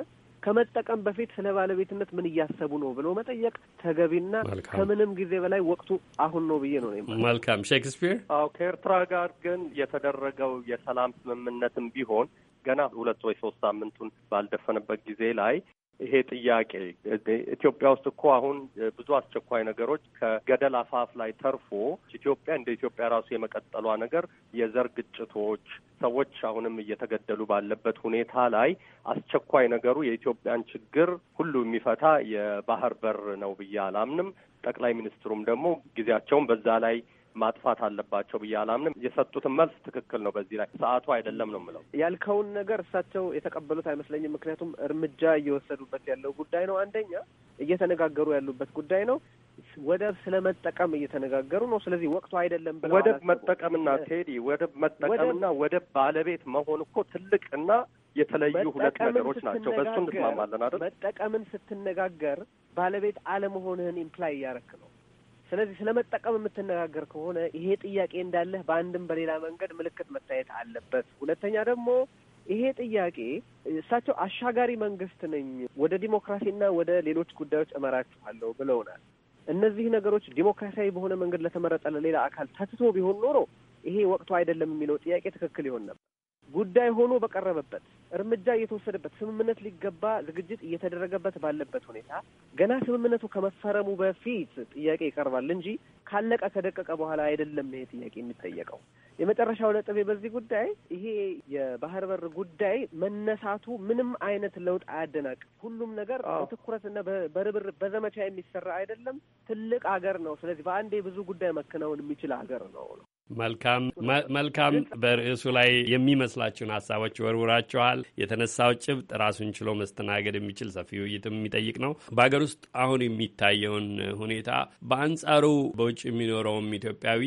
ከመጠቀም በፊት ስለ ባለቤትነት ምን እያሰቡ ነው ብሎ መጠየቅ ተገቢና ከምንም ጊዜ በላይ ወቅቱ አሁን ነው ብዬ ነው። መልካም ሼክስፒር። አዎ ከኤርትራ ጋር ግን የተደረገው የሰላም ስምምነትም ቢሆን ገና ሁለት ወይ ሶስት ሳምንቱን ባልደፈነበት ጊዜ ላይ ይሄ ጥያቄ ኢትዮጵያ ውስጥ እኮ አሁን ብዙ አስቸኳይ ነገሮች ከገደል አፋፍ ላይ ተርፎ ኢትዮጵያ እንደ ኢትዮጵያ ራሱ የመቀጠሏ ነገር የዘር ግጭቶች፣ ሰዎች አሁንም እየተገደሉ ባለበት ሁኔታ ላይ አስቸኳይ ነገሩ የኢትዮጵያን ችግር ሁሉ የሚፈታ የባህር በር ነው ብዬ አላምንም። ጠቅላይ ሚኒስትሩም ደግሞ ጊዜያቸውን በዛ ላይ ማጥፋት አለባቸው ብዬ አላምንም። የሰጡትን መልስ ትክክል ነው። በዚህ ላይ ሰዓቱ አይደለም ነው የምለው። ያልከውን ነገር እሳቸው የተቀበሉት አይመስለኝም። ምክንያቱም እርምጃ እየወሰዱበት ያለው ጉዳይ ነው። አንደኛ እየተነጋገሩ ያሉበት ጉዳይ ነው። ወደብ ስለ መጠቀም እየተነጋገሩ ነው። ስለዚህ ወቅቱ አይደለም ብለው ወደብ መጠቀምና ቴዲ ወደብ መጠቀምና ወደብ ባለቤት መሆን እኮ ትልቅ እና የተለዩ ሁለት ነገሮች ናቸው። በሱ እንስማማለን አይደል? መጠቀምን ስትነጋገር ባለቤት አለመሆንህን ኢምፕላይ እያረክ ነው። ስለዚህ ስለ መጠቀም የምትነጋገር ከሆነ ይሄ ጥያቄ እንዳለህ በአንድም በሌላ መንገድ ምልክት መታየት አለበት። ሁለተኛ ደግሞ ይሄ ጥያቄ እሳቸው አሻጋሪ መንግስት ነኝ ወደ ዲሞክራሲና ወደ ሌሎች ጉዳዮች እመራችኋለሁ ብለውናል። እነዚህ ነገሮች ዲሞክራሲያዊ በሆነ መንገድ ለተመረጠ ለሌላ አካል ተትቶ ቢሆን ኖሮ ይሄ ወቅቱ አይደለም የሚለው ጥያቄ ትክክል ይሆን ነበር። ጉዳይ ሆኖ በቀረበበት እርምጃ እየተወሰደበት ስምምነት ሊገባ ዝግጅት እየተደረገበት ባለበት ሁኔታ ገና ስምምነቱ ከመፈረሙ በፊት ጥያቄ ይቀርባል እንጂ ካለቀ ከደቀቀ በኋላ አይደለም ይሄ ጥያቄ የሚጠየቀው። የመጨረሻው ነጥቤ በዚህ ጉዳይ ይሄ የባህር በር ጉዳይ መነሳቱ ምንም አይነት ለውጥ አያደናቅ። ሁሉም ነገር በትኩረትና በርብር በዘመቻ የሚሰራ አይደለም። ትልቅ ሀገር ነው። ስለዚህ በአንዴ ብዙ ጉዳይ መከናወን የሚችል ሀገር ነው ነው መልካም መልካም። በርዕሱ ላይ የሚመስላችሁን ሀሳቦች ወርውራችኋል። የተነሳው ጭብጥ ራሱን ችሎ መስተናገድ የሚችል ሰፊ ውይይትም የሚጠይቅ ነው። በሀገር ውስጥ አሁን የሚታየውን ሁኔታ በአንጻሩ በውጭ የሚኖረውም ኢትዮጵያዊ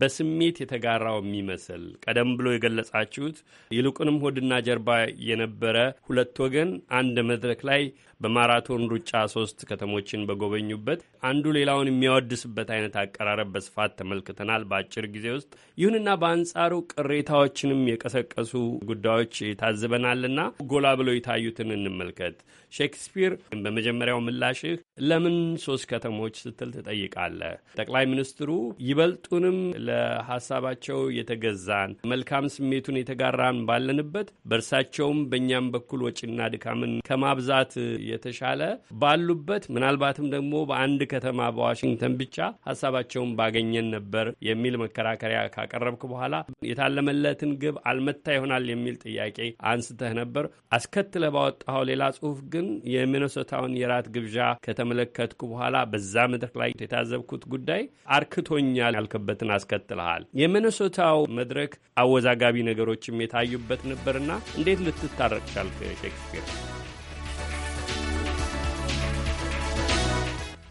በስሜት የተጋራው የሚመስል ቀደም ብሎ የገለጻችሁት ይልቁንም ሆድና ጀርባ የነበረ ሁለት ወገን አንድ መድረክ ላይ በማራቶን ሩጫ ሶስት ከተሞችን በጎበኙበት አንዱ ሌላውን የሚያወድስበት አይነት አቀራረብ በስፋት ተመልክተናል በአጭር ጊዜ ውስጥ። ይሁንና በአንጻሩ ቅሬታዎችንም የቀሰቀሱ ጉዳዮች ታዝበናልና ጎላ ብለው የታዩትን እንመልከት። ሼክስፒር በመጀመሪያው ምላሽህ ለምን ሶስት ከተሞች ስትል ትጠይቃለህ። ጠቅላይ ሚኒስትሩ ይበልጡንም ለሀሳባቸው የተገዛን መልካም ስሜቱን የተጋራን ባለንበት በእርሳቸውም በእኛም በኩል ወጪና ድካምን ከማብዛት የተሻለ ባሉበት ምናልባትም ደግሞ በአንድ ከተማ በዋሽንግተን ብቻ ሀሳባቸውን ባገኘን ነበር የሚል መከራከሪያ ካቀረብክ በኋላ የታለመለትን ግብ አልመታ ይሆናል የሚል ጥያቄ አንስተህ ነበር። አስከትለ ባወጣኸው ሌላ ጽሁፍ ግን የሚነሶታውን የራት ግብዣ ከተመለከትኩ በኋላ በዛ መድረክ ላይ የታዘብኩት ጉዳይ አርክቶኛል ያልክበትን አስከትልሃል። የሚኒሶታው መድረክ አወዛጋቢ ነገሮችም የታዩበት ነበርና እንዴት ልትታረቅ ቻልክ ሼክስፒር?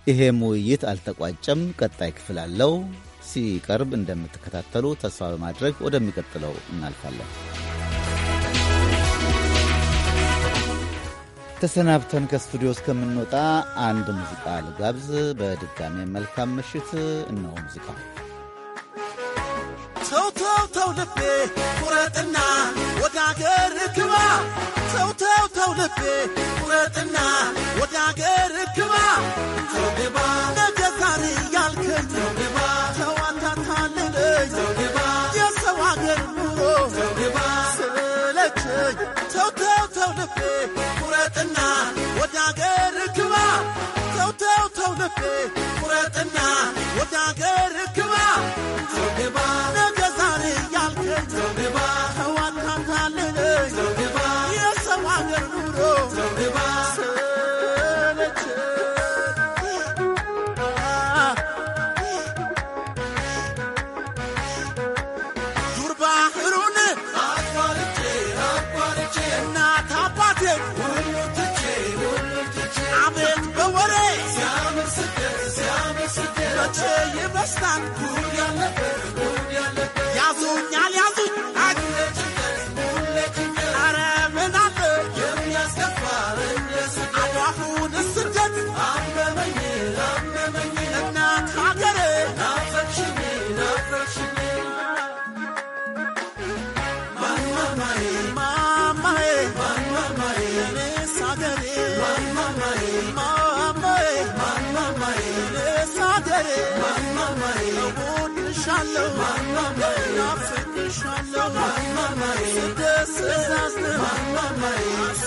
ይሄም ውይይት አልተቋጨም። ቀጣይ ክፍል አለው። ሲቀርብ እንደምትከታተሉ ተስፋ በማድረግ ወደሚቀጥለው እናልፋለን። ተሰናብተን ከስቱዲዮ እስከምንወጣ አንድ ሙዚቃ ልጋብዝ። በድጋሚ መልካም ምሽት። እነሆ ሙዚቃ ተው ተው ተው ልቤ ቁረጥና ወደ አገር ግባ ተው ተው ተው ልቤ ቁረጥና ወደ አገር ግባ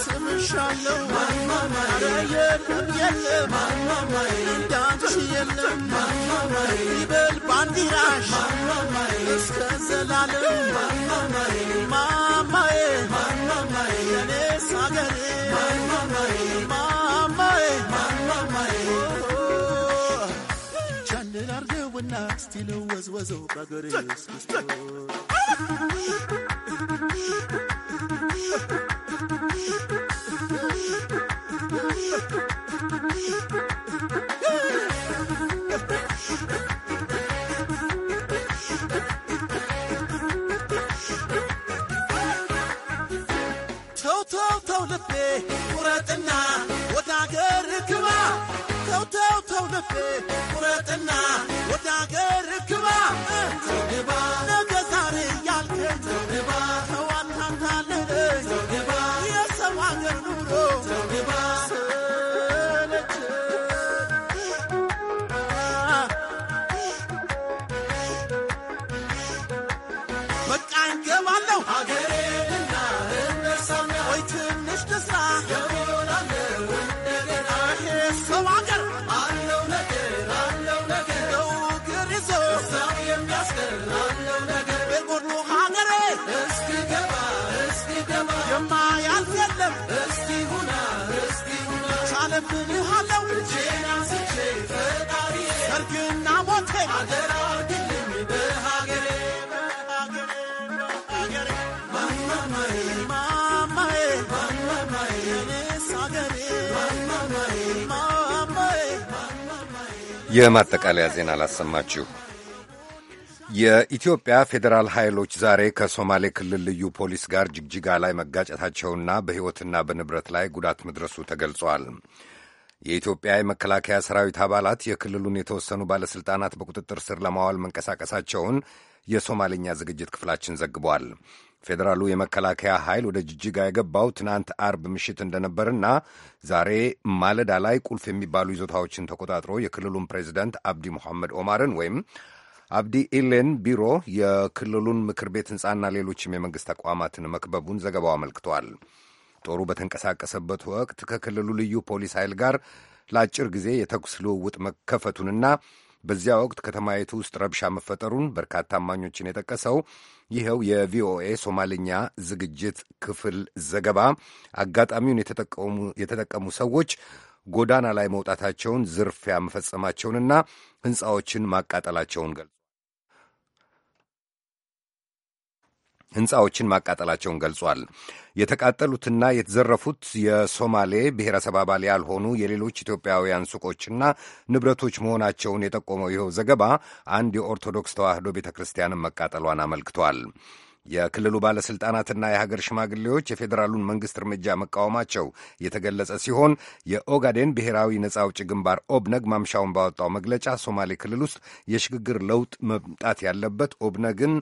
ስምሻለው ኧረ የለም የለም እንዳንቺ የለም ይበል ባንዲራሽ እስከ ዘላለም ማማዬ still was was opa gore ተው ተው ተው ልቤ ቁረጥና ወደ አገር ግባ ተው ተው ተው ልቤ ቁረጥና የማጠቃለያ ዜና አላሰማችሁ። የኢትዮጵያ ፌዴራል ኃይሎች ዛሬ ከሶማሌ ክልል ልዩ ፖሊስ ጋር ጅግጅጋ ላይ መጋጨታቸውና በሕይወትና በንብረት ላይ ጉዳት መድረሱ ተገልጿል። የኢትዮጵያ የመከላከያ ሰራዊት አባላት የክልሉን የተወሰኑ ባለሥልጣናት በቁጥጥር ስር ለማዋል መንቀሳቀሳቸውን የሶማሌኛ ዝግጅት ክፍላችን ዘግቧል። ፌዴራሉ የመከላከያ ኃይል ወደ ጅጅጋ የገባው ትናንት አርብ ምሽት እንደነበርና ዛሬ ማለዳ ላይ ቁልፍ የሚባሉ ይዞታዎችን ተቆጣጥሮ የክልሉን ፕሬዚደንት አብዲ ሙሐመድ ኦማርን ወይም አብዲ ኢሌን ቢሮ የክልሉን ምክር ቤት ህንፃና ሌሎችም የመንግሥት ተቋማትን መክበቡን ዘገባው አመልክቷል። ጦሩ በተንቀሳቀሰበት ወቅት ከክልሉ ልዩ ፖሊስ ኃይል ጋር ለአጭር ጊዜ የተኩስ ልውውጥ መከፈቱንና በዚያ ወቅት ከተማይቱ ውስጥ ረብሻ መፈጠሩን በርካታ አማኞችን የጠቀሰው ይኸው የቪኦኤ ሶማልኛ ዝግጅት ክፍል ዘገባ አጋጣሚውን የተጠቀሙ ሰዎች ጎዳና ላይ መውጣታቸውን፣ ዝርፊያ መፈጸማቸውንና ሕንፃዎችን ማቃጠላቸውን ገልጿል። ሕንፃዎችን ማቃጠላቸውን ገልጿል። የተቃጠሉትና የተዘረፉት የሶማሌ ብሔረሰብ አባል ያልሆኑ የሌሎች ኢትዮጵያውያን ሱቆችና ንብረቶች መሆናቸውን የጠቆመው ይኸው ዘገባ አንድ የኦርቶዶክስ ተዋሕዶ ቤተ ክርስቲያንን መቃጠሏን አመልክቷል። የክልሉ ባለሥልጣናትና የሀገር ሽማግሌዎች የፌዴራሉን መንግሥት እርምጃ መቃወማቸው የተገለጸ ሲሆን የኦጋዴን ብሔራዊ ነጻ አውጪ ግንባር ኦብነግ ማምሻውን ባወጣው መግለጫ ሶማሌ ክልል ውስጥ የሽግግር ለውጥ መምጣት ያለበት ኦብነግን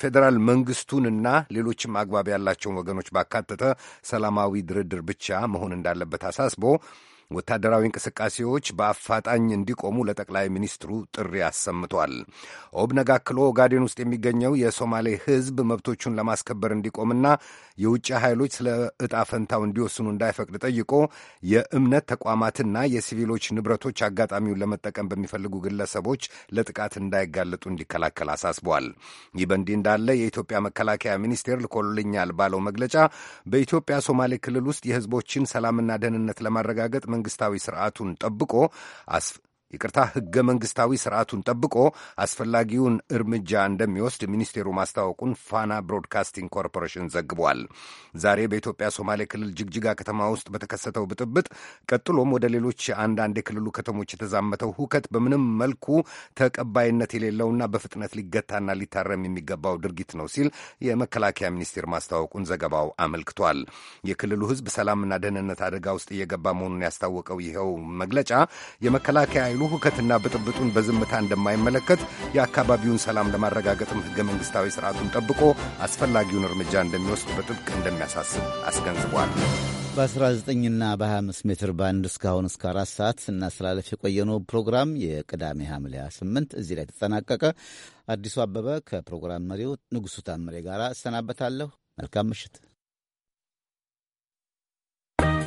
ፌዴራል መንግስቱንና ሌሎችም አግባብ ያላቸውን ወገኖች ባካተተ ሰላማዊ ድርድር ብቻ መሆን እንዳለበት አሳስቦ ወታደራዊ እንቅስቃሴዎች በአፋጣኝ እንዲቆሙ ለጠቅላይ ሚኒስትሩ ጥሪ አሰምቷል። ኦብነግ አክሎ ኦጋዴን ውስጥ የሚገኘው የሶማሌ ሕዝብ መብቶቹን ለማስከበር እንዲቆምና የውጭ ኃይሎች ስለ ዕጣ ፈንታው እንዲወስኑ እንዳይፈቅድ ጠይቆ የእምነት ተቋማትና የሲቪሎች ንብረቶች አጋጣሚውን ለመጠቀም በሚፈልጉ ግለሰቦች ለጥቃት እንዳይጋለጡ እንዲከላከል አሳስቧል። ይህ በእንዲህ እንዳለ የኢትዮጵያ መከላከያ ሚኒስቴር ልኮልኛል ባለው መግለጫ በኢትዮጵያ ሶማሌ ክልል ውስጥ የሕዝቦችን ሰላምና ደህንነት ለማረጋገጥ መንግስታዊ ስርዓቱን ጠብቆ ይቅርታ ሕገ መንግሥታዊ ስርዓቱን ጠብቆ አስፈላጊውን እርምጃ እንደሚወስድ ሚኒስቴሩ ማስታወቁን ፋና ብሮድካስቲንግ ኮርፖሬሽን ዘግቧል። ዛሬ በኢትዮጵያ ሶማሌ ክልል ጅግጅጋ ከተማ ውስጥ በተከሰተው ብጥብጥ ቀጥሎም ወደ ሌሎች አንዳንድ የክልሉ ከተሞች የተዛመተው ሁከት በምንም መልኩ ተቀባይነት የሌለውና በፍጥነት ሊገታና ሊታረም የሚገባው ድርጊት ነው ሲል የመከላከያ ሚኒስቴር ማስታወቁን ዘገባው አመልክቷል። የክልሉ ሕዝብ ሰላምና ደህንነት አደጋ ውስጥ እየገባ መሆኑን ያስታወቀው ይኸው መግለጫ የመከላከያ ያሉ ሁከትና ብጥብጡን በዝምታ እንደማይመለከት የአካባቢውን ሰላም ለማረጋገጥም ሕገ መንግሥታዊ ሥርዓቱን ጠብቆ አስፈላጊውን እርምጃ እንደሚወስድ በጥብቅ እንደሚያሳስብ አስገንዝቧል። በ19ና በ25 ሜትር ባንድ እስካሁን እስከ አራት ሰዓት እናስተላለፍ የቆየነው ፕሮግራም የቅዳሜ ሐምሌ 8 እዚህ ላይ ተጠናቀቀ። አዲሱ አበበ ከፕሮግራም መሪው ንጉሡ ታምሬ ጋር እሰናበታለሁ። መልካም ምሽት።